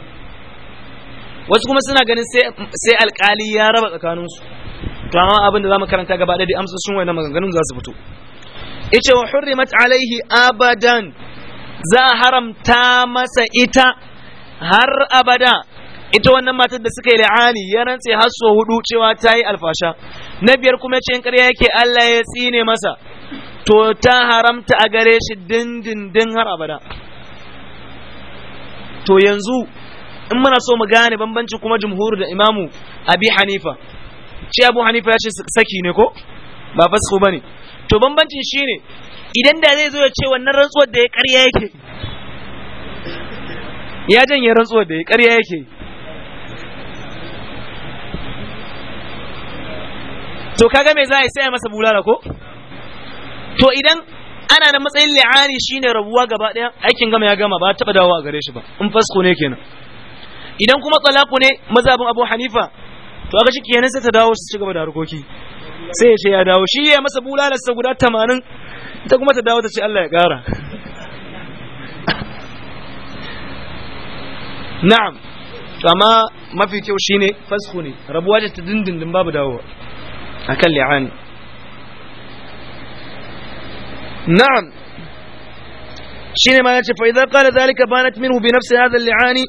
wasu kuma suna ganin sai alƙali ya raba tsakaninsu to amma abin da zamu karanta gaba ɗaya da amsa sun wani maganganun za su fito ice wa hurrimat alaihi abadan za haramta masa ita har abada ita wannan matar da suka yi la'ani ya rantse har so hudu cewa ta yi alfasha na biyar kuma ce in ƙarya yake Allah ya tsine masa to ta haramta a gare shi dindindin har abada to yanzu in muna so mu gane bambanci kuma jumhur da imamu abi hanifa ce abu hanifa ya ce saki ne ko ba fasko ba ne to bambancin ne, idan da zai zo ya ce wannan rantsuwar da ya karya yake ya janye rantsuwar da ya karya yake to kaga me za a yi sai a masa bulala ko to idan ana da matsayin li'ani shine rabuwa gaba daya aikin gama ya gama ba taba dawowa a gare shi ba in fasko ne kenan idan kuma talaku ne mazhabin Abu Hanifa to aka shi kenan sai ta dawo su ci gaba da harkoki sai ya ce ya dawo shi ya masa sa guda 80 ta kuma ta dawo ta ce Allah ya kara na'am amma mafi kyau shine fasko ne rabuwa ta dindindin babu dawowa akan li'ani na'am shine ma yace fa idza qala zalika banat minhu bi nafsi hadha al-li'ani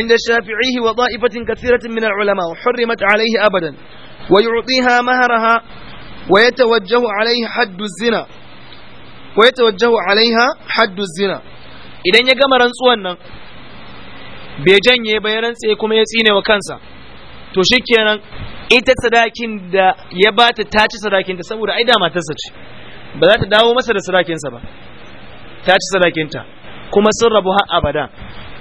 'inda shafi'ihi wa da'ifatin kathiratin min al-ulama wa hurrimat 'alayhi abadan wa yu'tiha mahraha wa yatawajjahu 'alayhi haddu az-zina wa yatawajjahu 'alayha haddu az-zina idan ya gama rantsuwan nan bai janye bai rantse kuma ya tsine wa kansa to shi kenan ita sadakin da ya bata ta ci sadakin ta saboda ai da matarsa ce ba za ta dawo masa da sadakinsa ba ta ci sadakinta kuma sun rabu har abada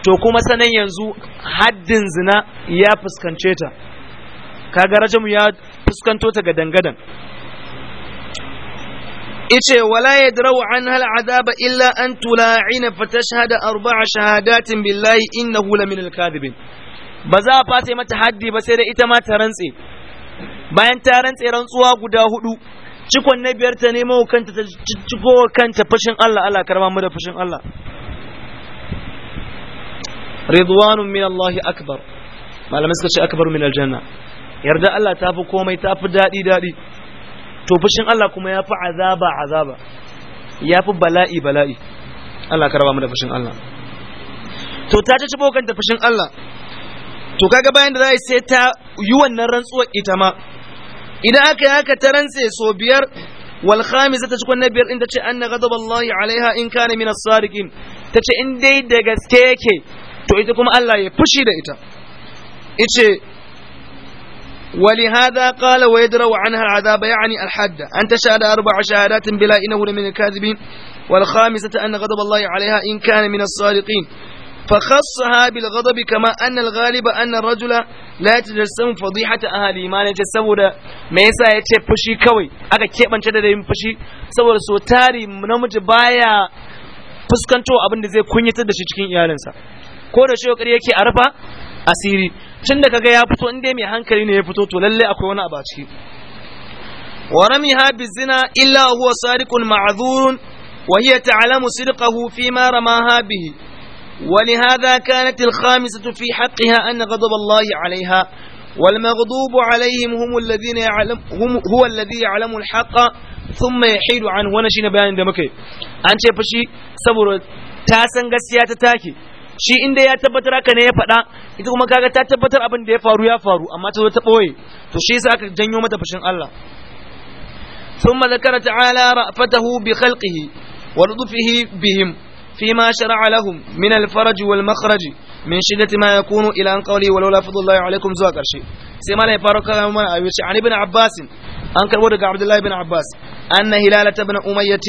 to kuma sanan yanzu haddin zina ya fuskance ta kaga rajamu ya fuskanto ta ga dangadan ice wala ya an hal azaba illa an tula'ina fa tashhada arba'a shahadatin billahi innahu lamin al kadibin. ba za a fata mata haddi ba sai da ita ma ta rantse bayan ta rantse rantsuwa guda hudu cikon na biyar ta nemo kanta ta ciko kanta fashin Allah Allah karma mu da fashin Allah ridwanun min Allah akbar malamai suka ce akbar min aljanna yarda Allah ta fi komai ta fi daɗi daɗi to fushin Allah kuma ya fi azaba azaba ya fi bala'i bala'i Allah karba mu da fushin Allah to ta ci cibo kanta fushin Allah to kaga bayan da za sai ta yi wannan rantsuwar ita ma idan aka yi haka ta rantse so biyar wal khamisa ta cikin biyar tace anna ghadab Allah alaiha in kana min as-sadiqin tace in dai da gaske yake to ita kuma Allah ya fushi da ita ice ولهذا قال ويدرأ عنها العذاب يعني الحد أن تشهد أربع شهادات بلا إنه من الكاذبين والخامسة أن غضب الله عليها إن كان من الصادقين فخصها بالغضب كما أن الغالب أن الرجل لا يتجسم فضيحة أهلي ما نجي سبودا ما يسا يتشي فشي كوي أكا كيب من شدد يم فشي سبودا سو تاري نمج بايا fuskanto abin da zai kunyata da shi cikin iyalinsa ko da shi yake a rufa asiri Tunda da kaga ya fito in dai mai hankali ne ya fito to lalle akwai wani abu a ciki wa illa huwa sadiqun ma'dhurun wa hiya ولهذا كانت الخامسة في حقها أن غضب الله عليها والمغضوب عليهم هم الذين يعلم هم هو الذي يعلم الحق ثم يحيد عنه wannan shine bayanin da muke an ce fa shi ta san gaskiya ta taki shi inda ya tabbatar haka ne ya faɗa ita kuma kaga ta tabbatar abin da ya faru ya faru amma ta zo ta ɓoye to shi aka janyo mata fushin Allah ثم ذكر تعالى رأفته بخلقه ولطفه بهم فيما شرع لهم من الفرج والمخرج من شدة ما يكون إلى أن قولي ولولا فضل الله عليكم زوا كرشي سيما لا يفارق عن ابن عباس أنكر عبد الله بن عباس أن هلالة بن أمية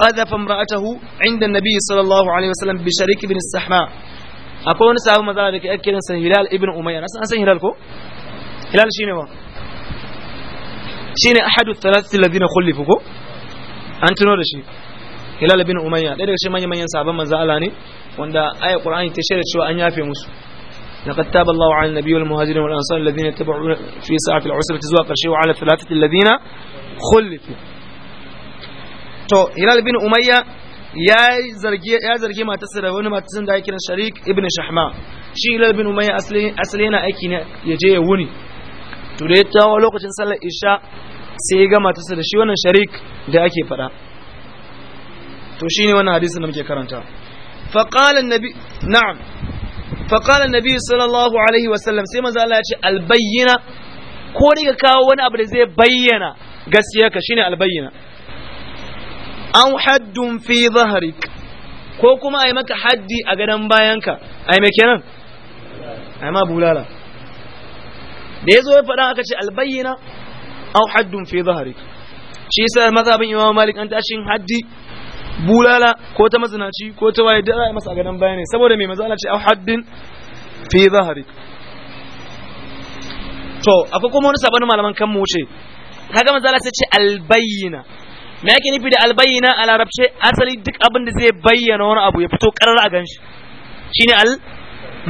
قذف امرأته عند النبي صلى الله عليه وسلم بشريك بن السحماء أقول wani sahabu maza أكيد أن هلال ابن أمية ibn umayya na san hilal ko hilal shine wa shine ahadu thalathati alladhina khulifu hilal bin umayya ɗaya daga cikin manyan manyan sahabban manzo Allah ne wanda ayat qur'ani ta shaida cewa an yafe musu لقد تاب الله على النبي والمهاجرين والانصار fi اتبعوا في ساعه العسره زوا قرشي وعلى الثلاثه الذين خلفوا to hilal bin umayya ya zargi ya zargi matarsa da wani matarsa da ake kiran sharik ibn shahma shi hilal bin umayya asali asali yana aiki ne ya je ya wuni to da ya tawo lokacin sallar isha sai ya ga matarsa da shi wannan sharik da ake fada to ne wannan hadisin da muke karanta faqala annabi na'am faqala annabi sallallahu alaihi wasallam sai maza Allah ya ce albayyina ko riga kawo wani abu da zai bayyana gaskiyarka shine albayyina an haddun fi zahrik ko kuma a yi maka haddi a gadon bayanka A ai me kenan yi ma bulala da ya yazo ya faɗa aka ce albayyina An haddun fi zahrik shi yasa mazhabin imam malik an tashin haddi bulala ko ta mazinaci ko ta waye da za a masa a gadon baya ne saboda mai mazala ce a haddin fi zahari to akwai kuma wani sabon malaman kan mu wuce kaga mazala Allah sai ce albayyina me yake nufi da albayina a larabce asali duk abin da zai bayyana wani abu ya fito karar a ganshi shine al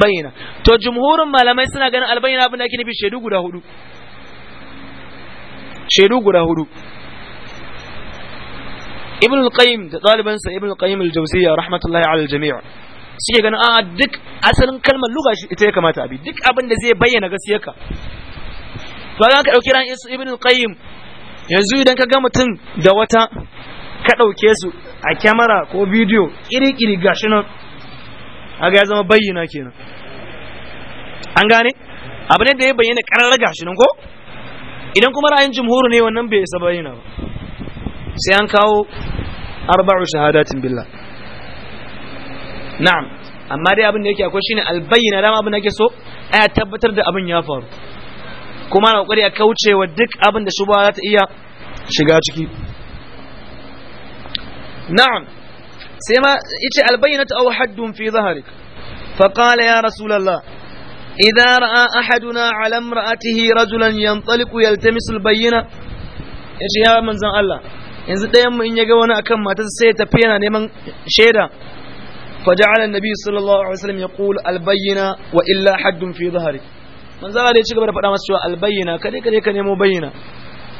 bayyana to jumhurin malamai suna ganin albayyana abin da yake nufi shaidu guda hudu shaidu guda hudu ibn al da ɗalibansa ibn al-qayyim al-jawziyya rahmatullahi ala al suke ganin a duk asalin kalmar lugha ita ya kamata abi duk abin da zai bayyana ka to ga ka dauki ran ibn al-qayyim yanzu idan ka ga mutum da wata ka dauke su a kyamara ko bidiyo iri iri gashi nan ga ya zama bayyana kenan an gane abu ne da ya bayyana karar gashi nan ko idan kuma ra'ayin jumhuru ne wannan bai isa bayyana ba sai an kawo arba'u shahadatin billah na'am amma dai abin da yake akwai shine albayyana dama abin da yake so a tabbatar da abin ya faru kuma na kokari a kaucewa duk abin da shubha za ta iya shiga ciki na'am sai ma yace albayyinatu aw haddun fi dhahrik fa qala ya rasulullah idza ra'a ahaduna ala imra'atihi rajulan yantaliqu yaltamisu albayyina yace ya manzon Allah yanzu ɗayan mu in ya ga wani akan matarsa sai ya tafi yana neman shaida فجعل النبي صلى الله عليه وسلم يقول البينة وإلا حد في ظهرك من زال da شكبر فدا masu cewa albayyana kade kade ka nemo bayyana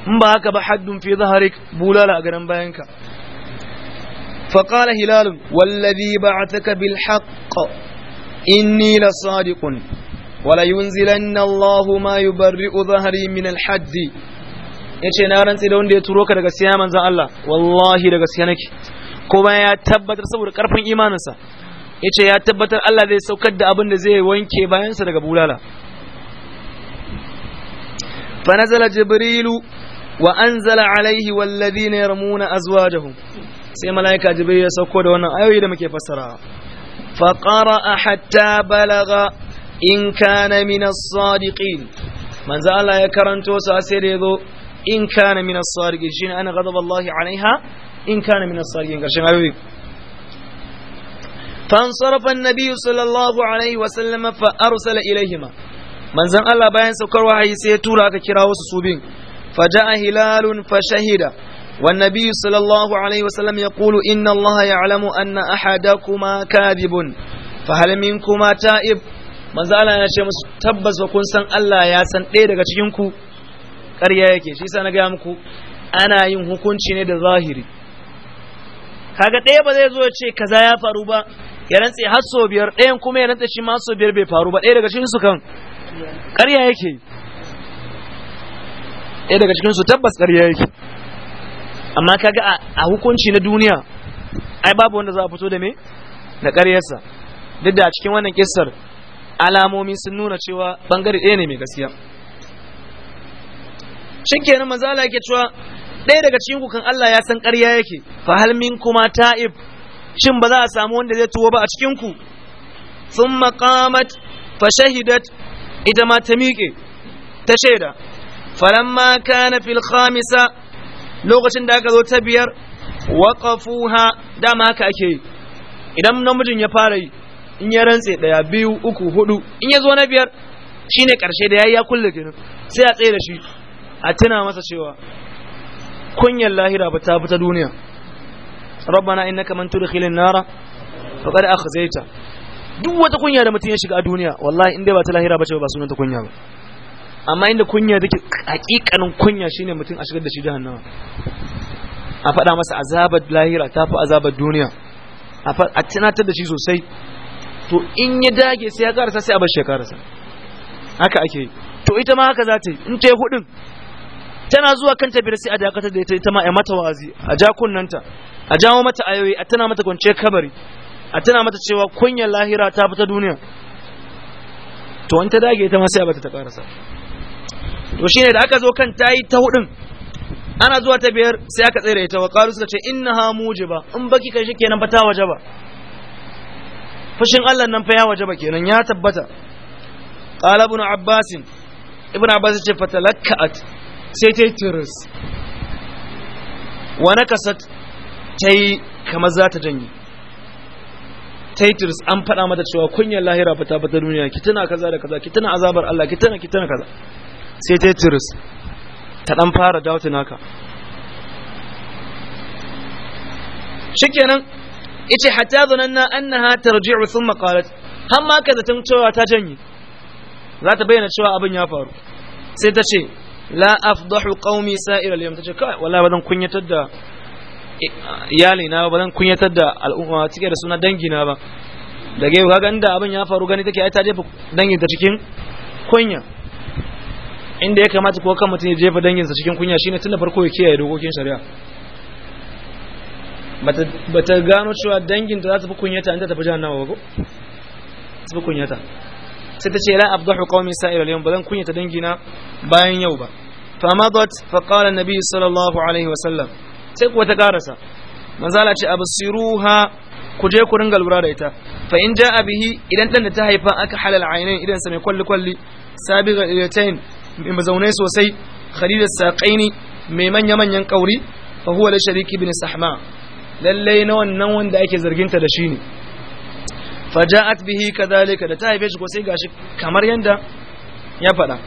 in ba haka ba haddun fi zahrik bulala a garan bayanka fa qala hilal wallazi ba'athaka bil haqq inni la sadiqun wala yunzilanna Allahu ma zahri min al yace na rantsi da wanda ya turo ka daga siya manzon Allah wallahi daga siya nake kuma ya tabbatar saboda karfin imaninsa yace ya tabbatar Allah zai saukar da abin da zai wanke bayansa daga bulala fa nazala jibrilu wa anzala alaihi na yarmuna azwajahum sai malaika jibril ya sauko da wannan ayoyi da muke fassara faƙara a hatta balaga in kana min sadiqin manzo Allah ya karanto sa sai da yazo in kana min as-sarigin ana ghadab Allah alaiha in kana min as-sarigin garshen ayoyi sallallahu alaihi wa sallama fa arsala ilayhima manzon Allah bayan saukar wahayi sai ya tura aka kira su su bin fa jaa hilalun fa shahida والنبي صلى الله عليه وسلم يقول إن الله يعلم أن أحدكما كاذب فهل منكما تائب ما زال أنا شيء تبز وكون سن الله يا سن إيه دقا تجنكو ƙarya yake shi sa na gaya muku ana yin hukunci ne da zahiri kaga ɗaya ba zai zo ya ce kaza ya faru ba ya rantse har sau biyar ɗayan kuma ya rantse shi ma sau biyar bai faru ba ɗaya daga cikin su kan ƙarya yake ɗaya daga cikin su tabbas ƙarya yake amma kaga a hukunci na duniya ai babu wanda za a fito da me da ƙaryarsa duk da a cikin wannan kissar alamomi sun nuna cewa bangare ɗaya ne mai gaskiya Shin manzo Allah yake cewa ɗaya daga cikin ku kan Allah ya san ƙarya yake fa hal min kuma ta'ib shin ba za a samu wanda zai tuwo ba a cikin ku sun maqamat fa shahidat ita ma ta miƙe ta shaida falamma kana fil khamisa lokacin da aka zo ta biyar waqafuha dama haka ake yi idan namijin ya fara yi in ya rantse daya biyu uku hudu in ya zo na biyar shine karshe da yayi ya kulle kenan sai a tsaye da shi a tuna masa cewa kunyar lahira ba ta fi ta duniya rabbana innaka man tudkhilin nara qad akhzaita duk wata kunya da mutum ya shiga a duniya wallahi inda ba ta lahira ba ce ba sunan ta kunya ba amma inda kunya take hakikanin kunya shine mutum a shigar da shi jahannama a faɗa masa azabar lahira ta fi azabar duniya a tunatar da shi sosai to in ya dage sai ya karasa sai a bar shi ya karasa haka ake yi to ita ma haka za ta yi in ta yi hudun tana zuwa kan biyar sai a dakatar da ita ma a mata wazi a ja kunnanta a jawo mata ayoyi a tana mata kwance kabari a tana mata cewa kunyar lahira ta fita duniya to wani ta dage ita ma sai a bata ta karasa to shine da aka zo kan tayi ta hudun ana zuwa ta biyar sai aka tsere ita wa qalu suka ce innaha mujiba in baki kai shikenan fa ta wajaba fushin Allah nan fa ya wajaba kenan ya tabbata qala ibn abbas ibn abbas ce fatalakka'at sai ta yi tiris wani kasat ta yi kamar za ta janye ta yi tiris an faɗa mata cewa kunyar lahira fata fata duniya ki tana kaza da kaza ki tana azabar Allah ki tana ki tana kaza sai ta yi tiris ta ɗan fara dautin naka. shikenan yace hatta na zananna annaha tarji'u thumma qalat har ma ka zaton cewa ta janye za ta bayyana cewa abin ya faru sai ta ce la afdahu qaumi sa'ir al-yawm tace kai wallahi bazan kunyatar da iyali na bazan kunyatar da al'umma cike da suna dangi na ba da gaiwa kaga inda abin ya faru gani take ai ta jefa dangin ta cikin kunya inda ya kamata ko kan mutum ya jefa danginsa cikin kunya shine tun da farko ya kiyaye dokokin shari'a bata gano cewa danginta za ta fi kunyata inda ta fi jahannama ba ko ta fi kunyata sai ta ce la abdahu qaumi sa'ir al-yawm bazan kunyata dangina bayan yau ba fa madat fa qala an-nabi sallallahu alaihi wa sallam sai kuwa ta karasa manzo Allah ce absiruha ku je ku ringa lura da ita fa in jaa bihi idan dan da ta haifa aka halal ainain idan sa mai kwalli kwalli sabiga ilatain in bazaunai sosai khalidat saqaini mai manya manyan kauri fa huwa la shariki bin sahma lallai na wannan wanda ake zarginta da shi ne فجاءت به كذلك ده تاي بيش كو سي غاشي kamar yanda ya fada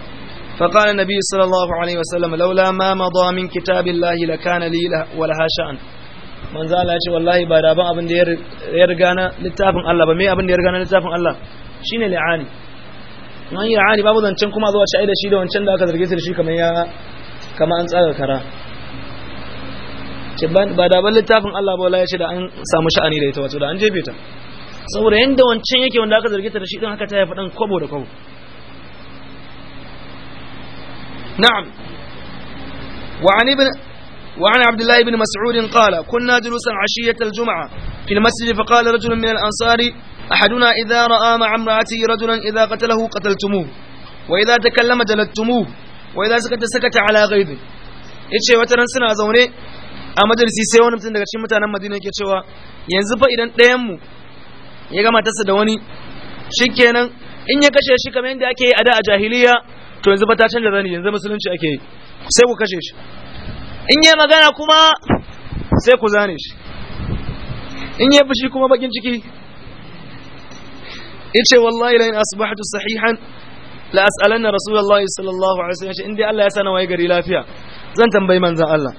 fa qala nabi sallallahu alaihi wasallam laula ma mada min kitabillahi lakana lila wala hasha an ba da ban abin da ya riga na littafin Allah ba abin da ya riga na littafin Allah shine li'ani man yi babu zancen kuma zuwa shaida shi da wancan da aka zarge da shi kamar an tsaga kara ce littafin Allah ba wallahi ya ce da an samu sha'ani da ita wato da an jefe ta saboda yanda wancan yake wanda aka zargi ta da shi din haka ta haifa dan kwabo da kwabo na'am wa bin ibn وعن عبد الله بن مسعود قال كنا جلوسا عشية الجمعة في المسجد فقال رجل من الأنصار أحدنا إذا رأى مع امرأته رجلا إذا قتله قتلتموه وإذا تكلم جلدتموه وإذا سكت سكت على wata ran suna zaune a majalisi sai wani mutum daga cikin mutanen Madina yake cewa yanzu fa idan mu ya gama matarsa da wani shikenan in ya kashe shi kamar yadda ake yi a da a jahiliya to yanzu ba ta canza zani yanzu musulunci ake yi sai ku kashe shi in ya magana kuma sai ku zane shi in ya fushi kuma bakin ciki yace wallahi la in asbahtu sahihan la as'alanna rasulullahi sallallahu alaihi wasallam indai Allah ya sana waye gari lafiya zan tambayi manzon Allah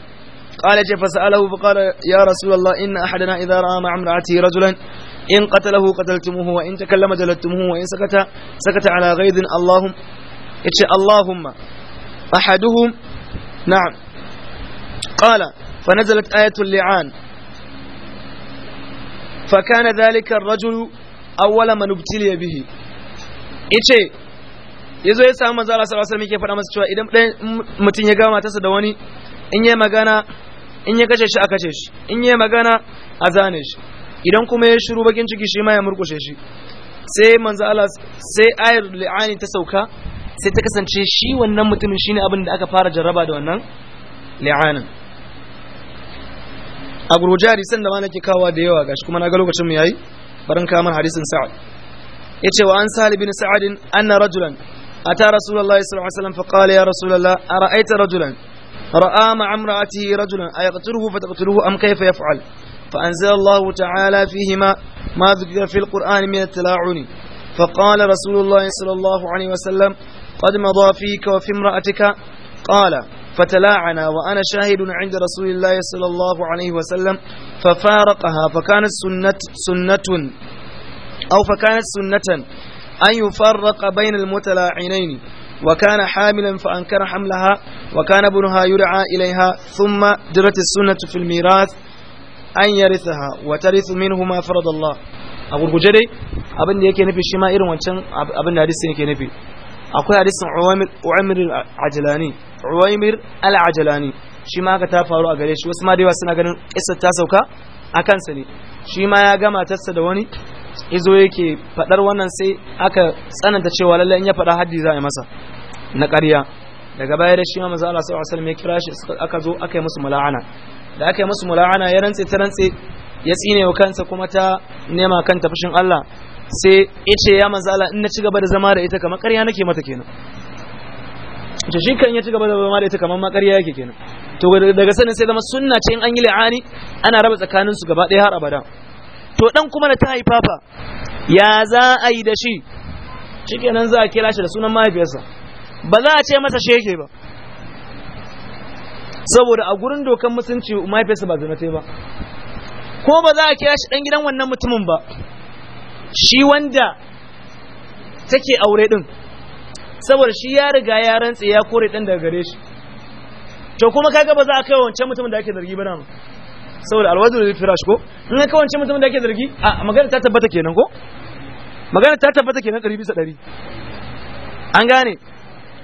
قال جف فسأله فقال يا رسول الله إن أحدنا إذا رأى مع امرأته رجلا in qatalahu qataltumuhu wa in takallama jalattumuhu wa in sakata sakata ala ghaidin allahum yace allahumma ahaduhum na'am qala fa فنزلت آية اللعان فكان ذلك الرجل أول من ابتلي به ice yazo ya samu manzo Allah sallallahu alaihi wasallam yake faɗa masa cewa idan mutum ya gama matarsa da wani in yayi magana in ya kashe shi a kashe shi in yayi magana a zane shi idan kuma ya shiru bakin ciki shi ma ya murkushe shi sai manzo Allah sai ayar li'ani ta sauka sai ta kasance shi wannan mutumin shine abin da aka fara jarraba da wannan li'anin Abu gurjari san da ma nake kawa da yawa gashi kuma na ga lokacin mu yayi barin kamar hadisin sa'ad yace wa an sahal bin sa'ad anna rajulan ata rasulullahi sallallahu alaihi wasallam qala ya rasulullah ara'aita rajulan ra'a ma'amraatihi rajulan ayaqtiruhu fa taqtiruhu am kayfa yaf'al فأنزل الله تعالى فيهما ما ذكر في القرآن من التلاعن فقال رسول الله صلى الله عليه وسلم قد مضى فيك وفي امرأتك قال فتلاعنا وأنا شاهد عند رسول الله صلى الله عليه وسلم ففارقها فكانت سنة, سنة أو فكانت سنة أن يفرق بين المتلاعنين وكان حاملا فأنكر حملها وكان ابنها يرعى إليها ثم درت السنة في الميراث an yarithaha wa tarithu minhu ma faradallah a gurguje dai abin da yake nufi shi ma irin wancan abin da hadisin yake nufi akwai hadisin uwamir al'ajalani uwamir al'ajalani shi ma aka ta faru a gare shi wasu ma daiwa suna ganin isa ta sauka a kansa ne shi ma ya gama tassa da wani izo yake fadar wannan sai aka tsananta cewa lalle in ya fada haddi za a yi masa na ƙarya daga baya da shi ma manzo Allah ya kira shi aka zo aka yi musu mala'ana da aka yi musu mula'ana ya rantse ta rantse ya tsine wa kansa kuma ta nema kanta fushin Allah sai ya ce ya manzo Allah in na ci gaba da zama da ita kamar ƙarya nake mata kenan to shi kan ya ci gaba da zama da ita kamar makarya yake kenan to daga sanin sai zama sunna ce in an yi li'ani ana raba tsakanin su gaba ɗaya har abada to dan kuma da ta haifa fa ya za a yi da shi shikenan za a kira shi da sunan mahaifiyarsa ba za a ce masa sheke ba saboda a gurin dokan musunci mahaifiyarsa ba zina ba ko ba za a kira shi dan gidan wannan mutumin ba shi wanda take aure din saboda shi ya riga ya rantse ya kore dan daga gare shi to kuma kaga ba za a kai wancan mutumin da ake zargi ba nan saboda alwazir da firash ko in ka wancan mutumin da ake zargi a magana ta tabbata kenan ko magana ta tabbata kenan 100 bisa ɗari, an gane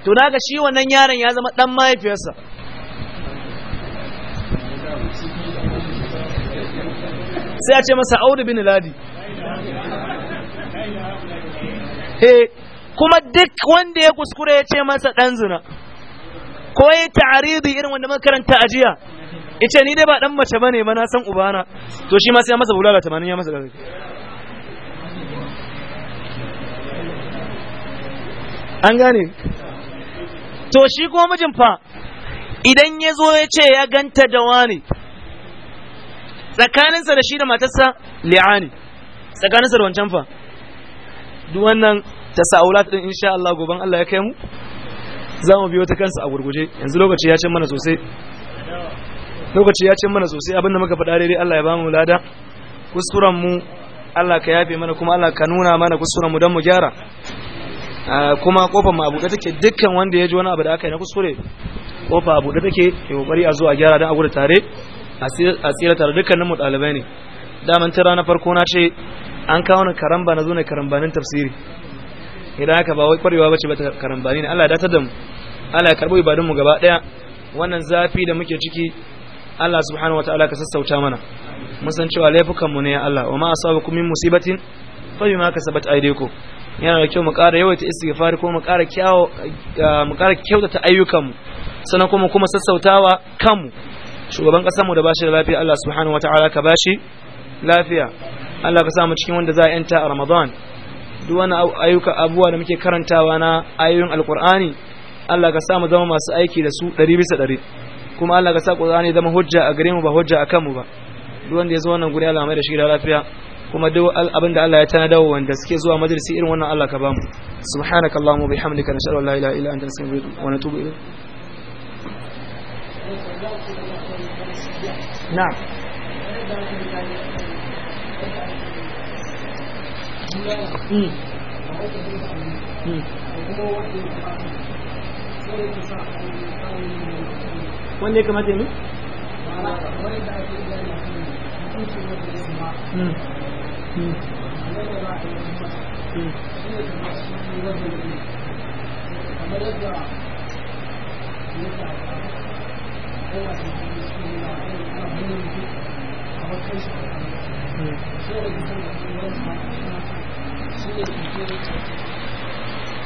to naga shi wannan yaron ya zama dan mahaifiyarsa sai a ce masa audu bin ladi he kuma duk wanda ya kuskure ya ce masa dan zina ko ya ta'aridi irin wanda makaranta ajiya Ita ni dai ba dan mace bane ba na san ubana to shi ma sai ya masa bulala 80 ya masa gaza an gane to shi ko mijin fa idan ya zo ya ce ya ganta da wani tsakaninsa da shi da matarsa li'ani tsakaninsa da wancan fa duk wannan tasawulat din insha Allah goban Allah ya kai mu za mu biyo ta kansa a gurguje yanzu lokaci ya ce mana sosai lokaci ya ce mana sosai abinda muka faɗa daidai Allah ya ba mu lada kuskuren mu Allah ka yafe mana kuma Allah ka nuna mana kuskuren mu don mu gyara ah, kuma kofar mu abuɗe take dukkan wanda ya ji wani abu da aka yi na kuskure kofa abuɗe take ke kokari a zo a gyara don a gudu tare a tsira tare dukkanin mutalibai ne daman ta rana farko na ce an kawo na karamba na zo ne karambanin tafsiri idan aka ba wai kwarewa bace ba ta karambani ne Allah ya datar da mu Allah ya karbo ibadun mu gaba daya wannan zafi da muke ciki Allah subhanahu wataala ka sassauta mana mun san cewa laifukan mu ne ya Allah wa ma asabakum min musibatin fa bima kasabat aydikum yana da kyau mu ƙara yawaita istighfar ko mu ƙara kyawo eh, mu ƙara kyautata ayyukan mu sannan kuma kuma sassautawa kanmu shugaban kasar mu da bashi da lafiya Allah subhanahu wataala ka bashi lafiya Allah ka sa mu cikin wanda za a yanta a Ramadan duk wani ayyuka abubuwa da muke karantawa na ayoyin alkur'ani Allah ka sa mu zama masu aiki da su ɗari bisa ɗari kuma Allah ka sa Qur'ani zama hujja a gare mu ba hujja a kanmu ba duk wanda ya zo wannan guri Allah mai da shi da lafiya kuma duk abin da Allah ya tanada wa wanda suke zuwa majalisi irin wannan Allah ka ba mu subhanakallahumma bihamdika nashhadu an la ilaha illa anta nastaghfiruka wa natubu ilayk na'am hmm. Hmm. wanda ya kamata yi kamar hmm.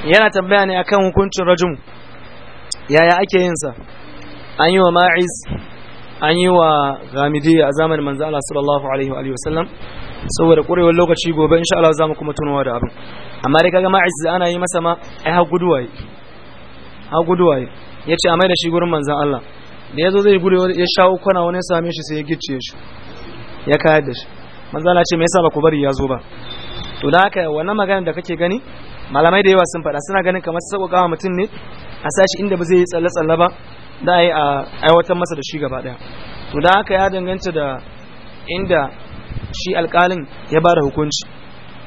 yana tambaya ne akan hukuncin rajum yaya ake yin sa an yi wa ma'iz an yi wa gamidi a zamanin manzo Allah sallallahu alaihi wa sallam saboda kurewar lokaci gobe insha Allah zamu kuma tunawa da abin amma dai kaga ma'iz ana yi masa ma ai ha guduwaye ha guduwaye yace a mai da shi gurin manzo Allah da yazo zai gudu ya shawo kwana wani same shi sai ya gicce shi ya kayar da shi manzala ce me yasa ba ku bari ya zo ba to da haka wannan magana da kake gani malamai da yawa sun faɗa suna ganin kamar kawo mutum ne a sashi inda ba zai yi tsalle-tsalle ba da a yi a aiwatar masa da shi gaba daya to da haka ya danganta da inda shi alƙalin ya ba da hukunci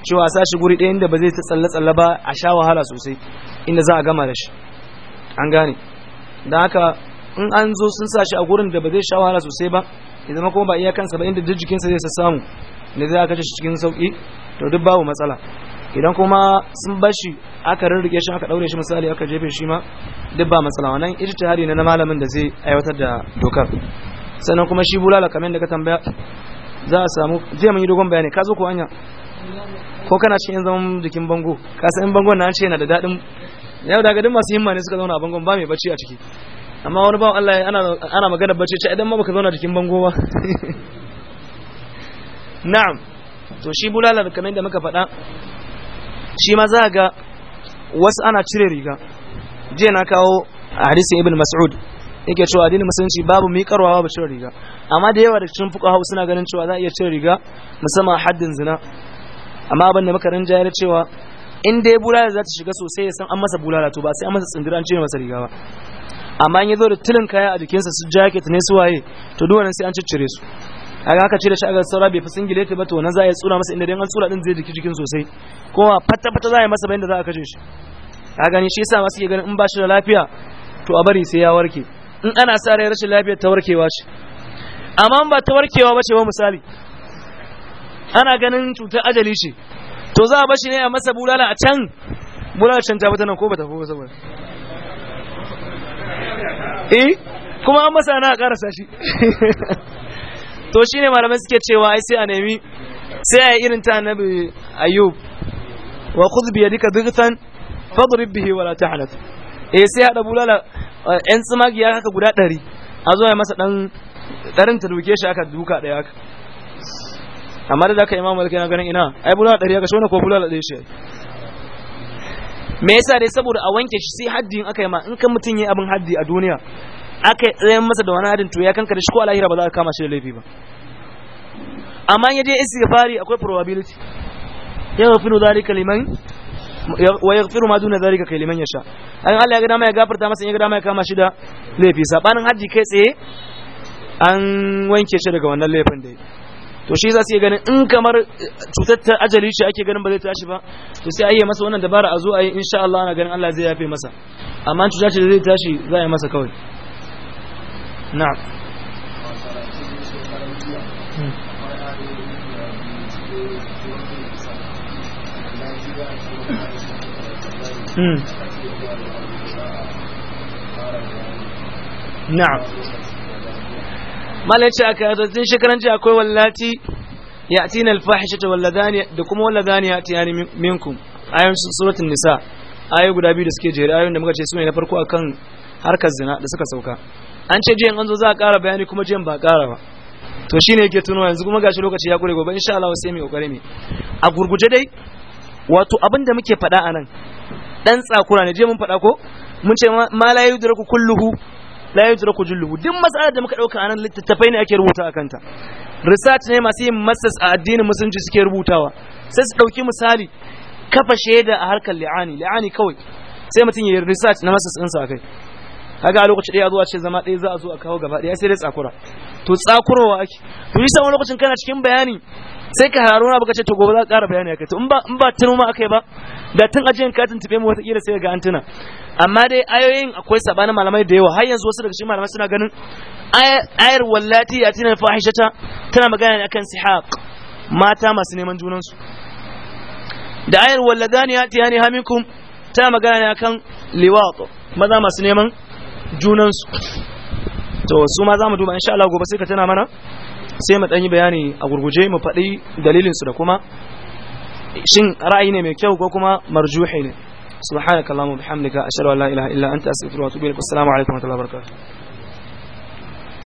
cewa a sashi guri ɗaya inda ba zai tsalle-tsalle ba a sha wahala sosai inda za a gama da shi an gane da haka in an zo sun sa shi a gurin da ba zai sha wahala sosai ba ya zama kuma ba iya kansa ba inda duk jikinsa zai samu ne zai aka shi cikin sauki to duk babu matsala idan kuma sun bashi aka rirrike shi aka daure shi misali aka jefe shi ma duk ba matsala wannan ijtihadi ne na malamin da zai aiwatar da dokar sannan kuma shi bulala kamar da ka tambaya za a samu zai mun yi dogon bayani ka zo ko anya ko kana cikin zaman jikin bango ka san bangon na an ce yana da dadin yau daga duk masu himma ne suka zauna a bangon ba mai bacci a ciki amma wani bawan Allah ana ana magana bace ce idan ma baka zauna jikin bango ba na'am to shi bulala kamar da muka faɗa shi ma za ga wasu ana cire riga jiya na kawo a hadisin ibn mas'ud yake cewa addinin musulunci babu miƙarwa ba cire riga amma da yawa da cikin fuqaha suna ganin cewa za a iya cire riga musamman haddin zina amma abin da muka rinjayar cewa in dai bulala za ta shiga sosai ya san an masa bulala to ba sai an masa tsindira an cire masa riga ba amma in ya zo da tilin kaya a jikinsa su jacket ne su waye to duk wannan sai an ciccire su kaga haka da shi a ga saura bai fi singile ta ba to wannan za a yi tsura masa inda dai an tsura din zai jiki jikin sosai kuma fata fata za a yi masa bayan da za a kashe shi ka gani shi yasa masu ke ganin in ba shi da lafiya to a bari sai ya warke in ana sa rai rashin lafiyar ta warkewa ce amma ba ta warkewa ba ce ba misali ana ganin cutar ajali ce to za a bashi ne a masa bulala a can bulala can ta fita nan ko ba ta ko ba saboda eh kuma an masa na karasa shi to shine malamai suke cewa ai sai a nemi sai a yi irin ta annabi ayyub wa khudh bi yadika dukkan. fadrib bihi wa la tahnat eh sai hada bulala eh, yan ya haka guda 100 a zo ya masa dan darin ta duke shi aka duka daya haka amma da zaka imamu malika na ganin ina ai bulala 100 haka shona ko bulala ɗaya shi me yasa dai saboda a wanke shi sai haddi in aka yi ma in kan mutum yi abin haddi a duniya aka yi tsayen masa da wani haddin to ya kanka da shi ko lahira ba za ka kama shi da laifi ba amma ya je istighfari akwai probability ya gafiru zalika liman wa yaghfiru ma duna zalika kai liman yasha an Allah ya ga dama ya gafarta masa in ya ga dama ya kama shi da laifi sabanin haddi kai tsaye an wanke shi daga wannan laifin da to shi za su yi ganin in kamar eh, cutar ajali shi ake ganin ba zai tashi ba to sai ayi masa wannan dabara a zo a yi insha Allah ana ganin Allah zai yafe masa amma cuta ce da zai tashi za a yi masa kawai na'am hmm. Hmm. na'am Mallan ce aka tun shekaran akwai wallati ya ati tina ta walladani da kuma walladani ya tiyani minkum ayoyin suratun nisa ayoyi guda biyu da suke jere ayoyin da muka ce su ne na farko akan harkar zina da suka sauka an ce jiyan an zo za a ƙara bayani kuma jiyan ba ƙara ba to shine yake tunawa yanzu kuma gashi lokaci ya kure gobe insha Allah sai mu kokare ne a gurguje dai wato abin da muke faɗa anan dan tsakura ne je mun faɗa ko mun ce ma la yudraku kulluhu la yutraku julluhu duk mas'alar da muka dauka anan littattafai ne ake rubuta akan ta research ne masu yin masas a addinin musulunci suke rubutawa sai su dauki misali kafa shaida a harkar li'ani li'ani kawai sai mutum yayin research na masas ɗinsa kai kaga a lokaci ɗaya zuwa ce zama ɗaya za a zo a kawo gaba ɗaya sai dai tsakura to tsakurawa ake to shi wani lokacin kana cikin bayani sai ka hararo na baka ce to gobe za ka ƙara bayani akai to in ba in ba tuno ma akai ba da tun ajiyar ka tuntube mu watakila sai ga antuna amma dai ayoyin akwai sabanin malamai da yawa har yanzu wasu daga cikin malamai suna ganin ayar wallati ya tina fahishata tana magana ne akan sihaq mata masu neman junansu da ayar walladani ya tiyani hamikum tana magana ne akan liwat maza masu neman junansu to su ma za mu duba insha Allah gobe sai ka tana mana sai mu ɗan yi bayani a gurguje mu faɗi dalilinsu da kuma shin ra'ayi ne mai kyau ko kuma marjuhi ne subhanakallahumma bihamdika ashhadu an la ilaha illa anta astaghfiruka wa atubu ilaik assalamu alaikum wa rahmatullahi wa barakatuh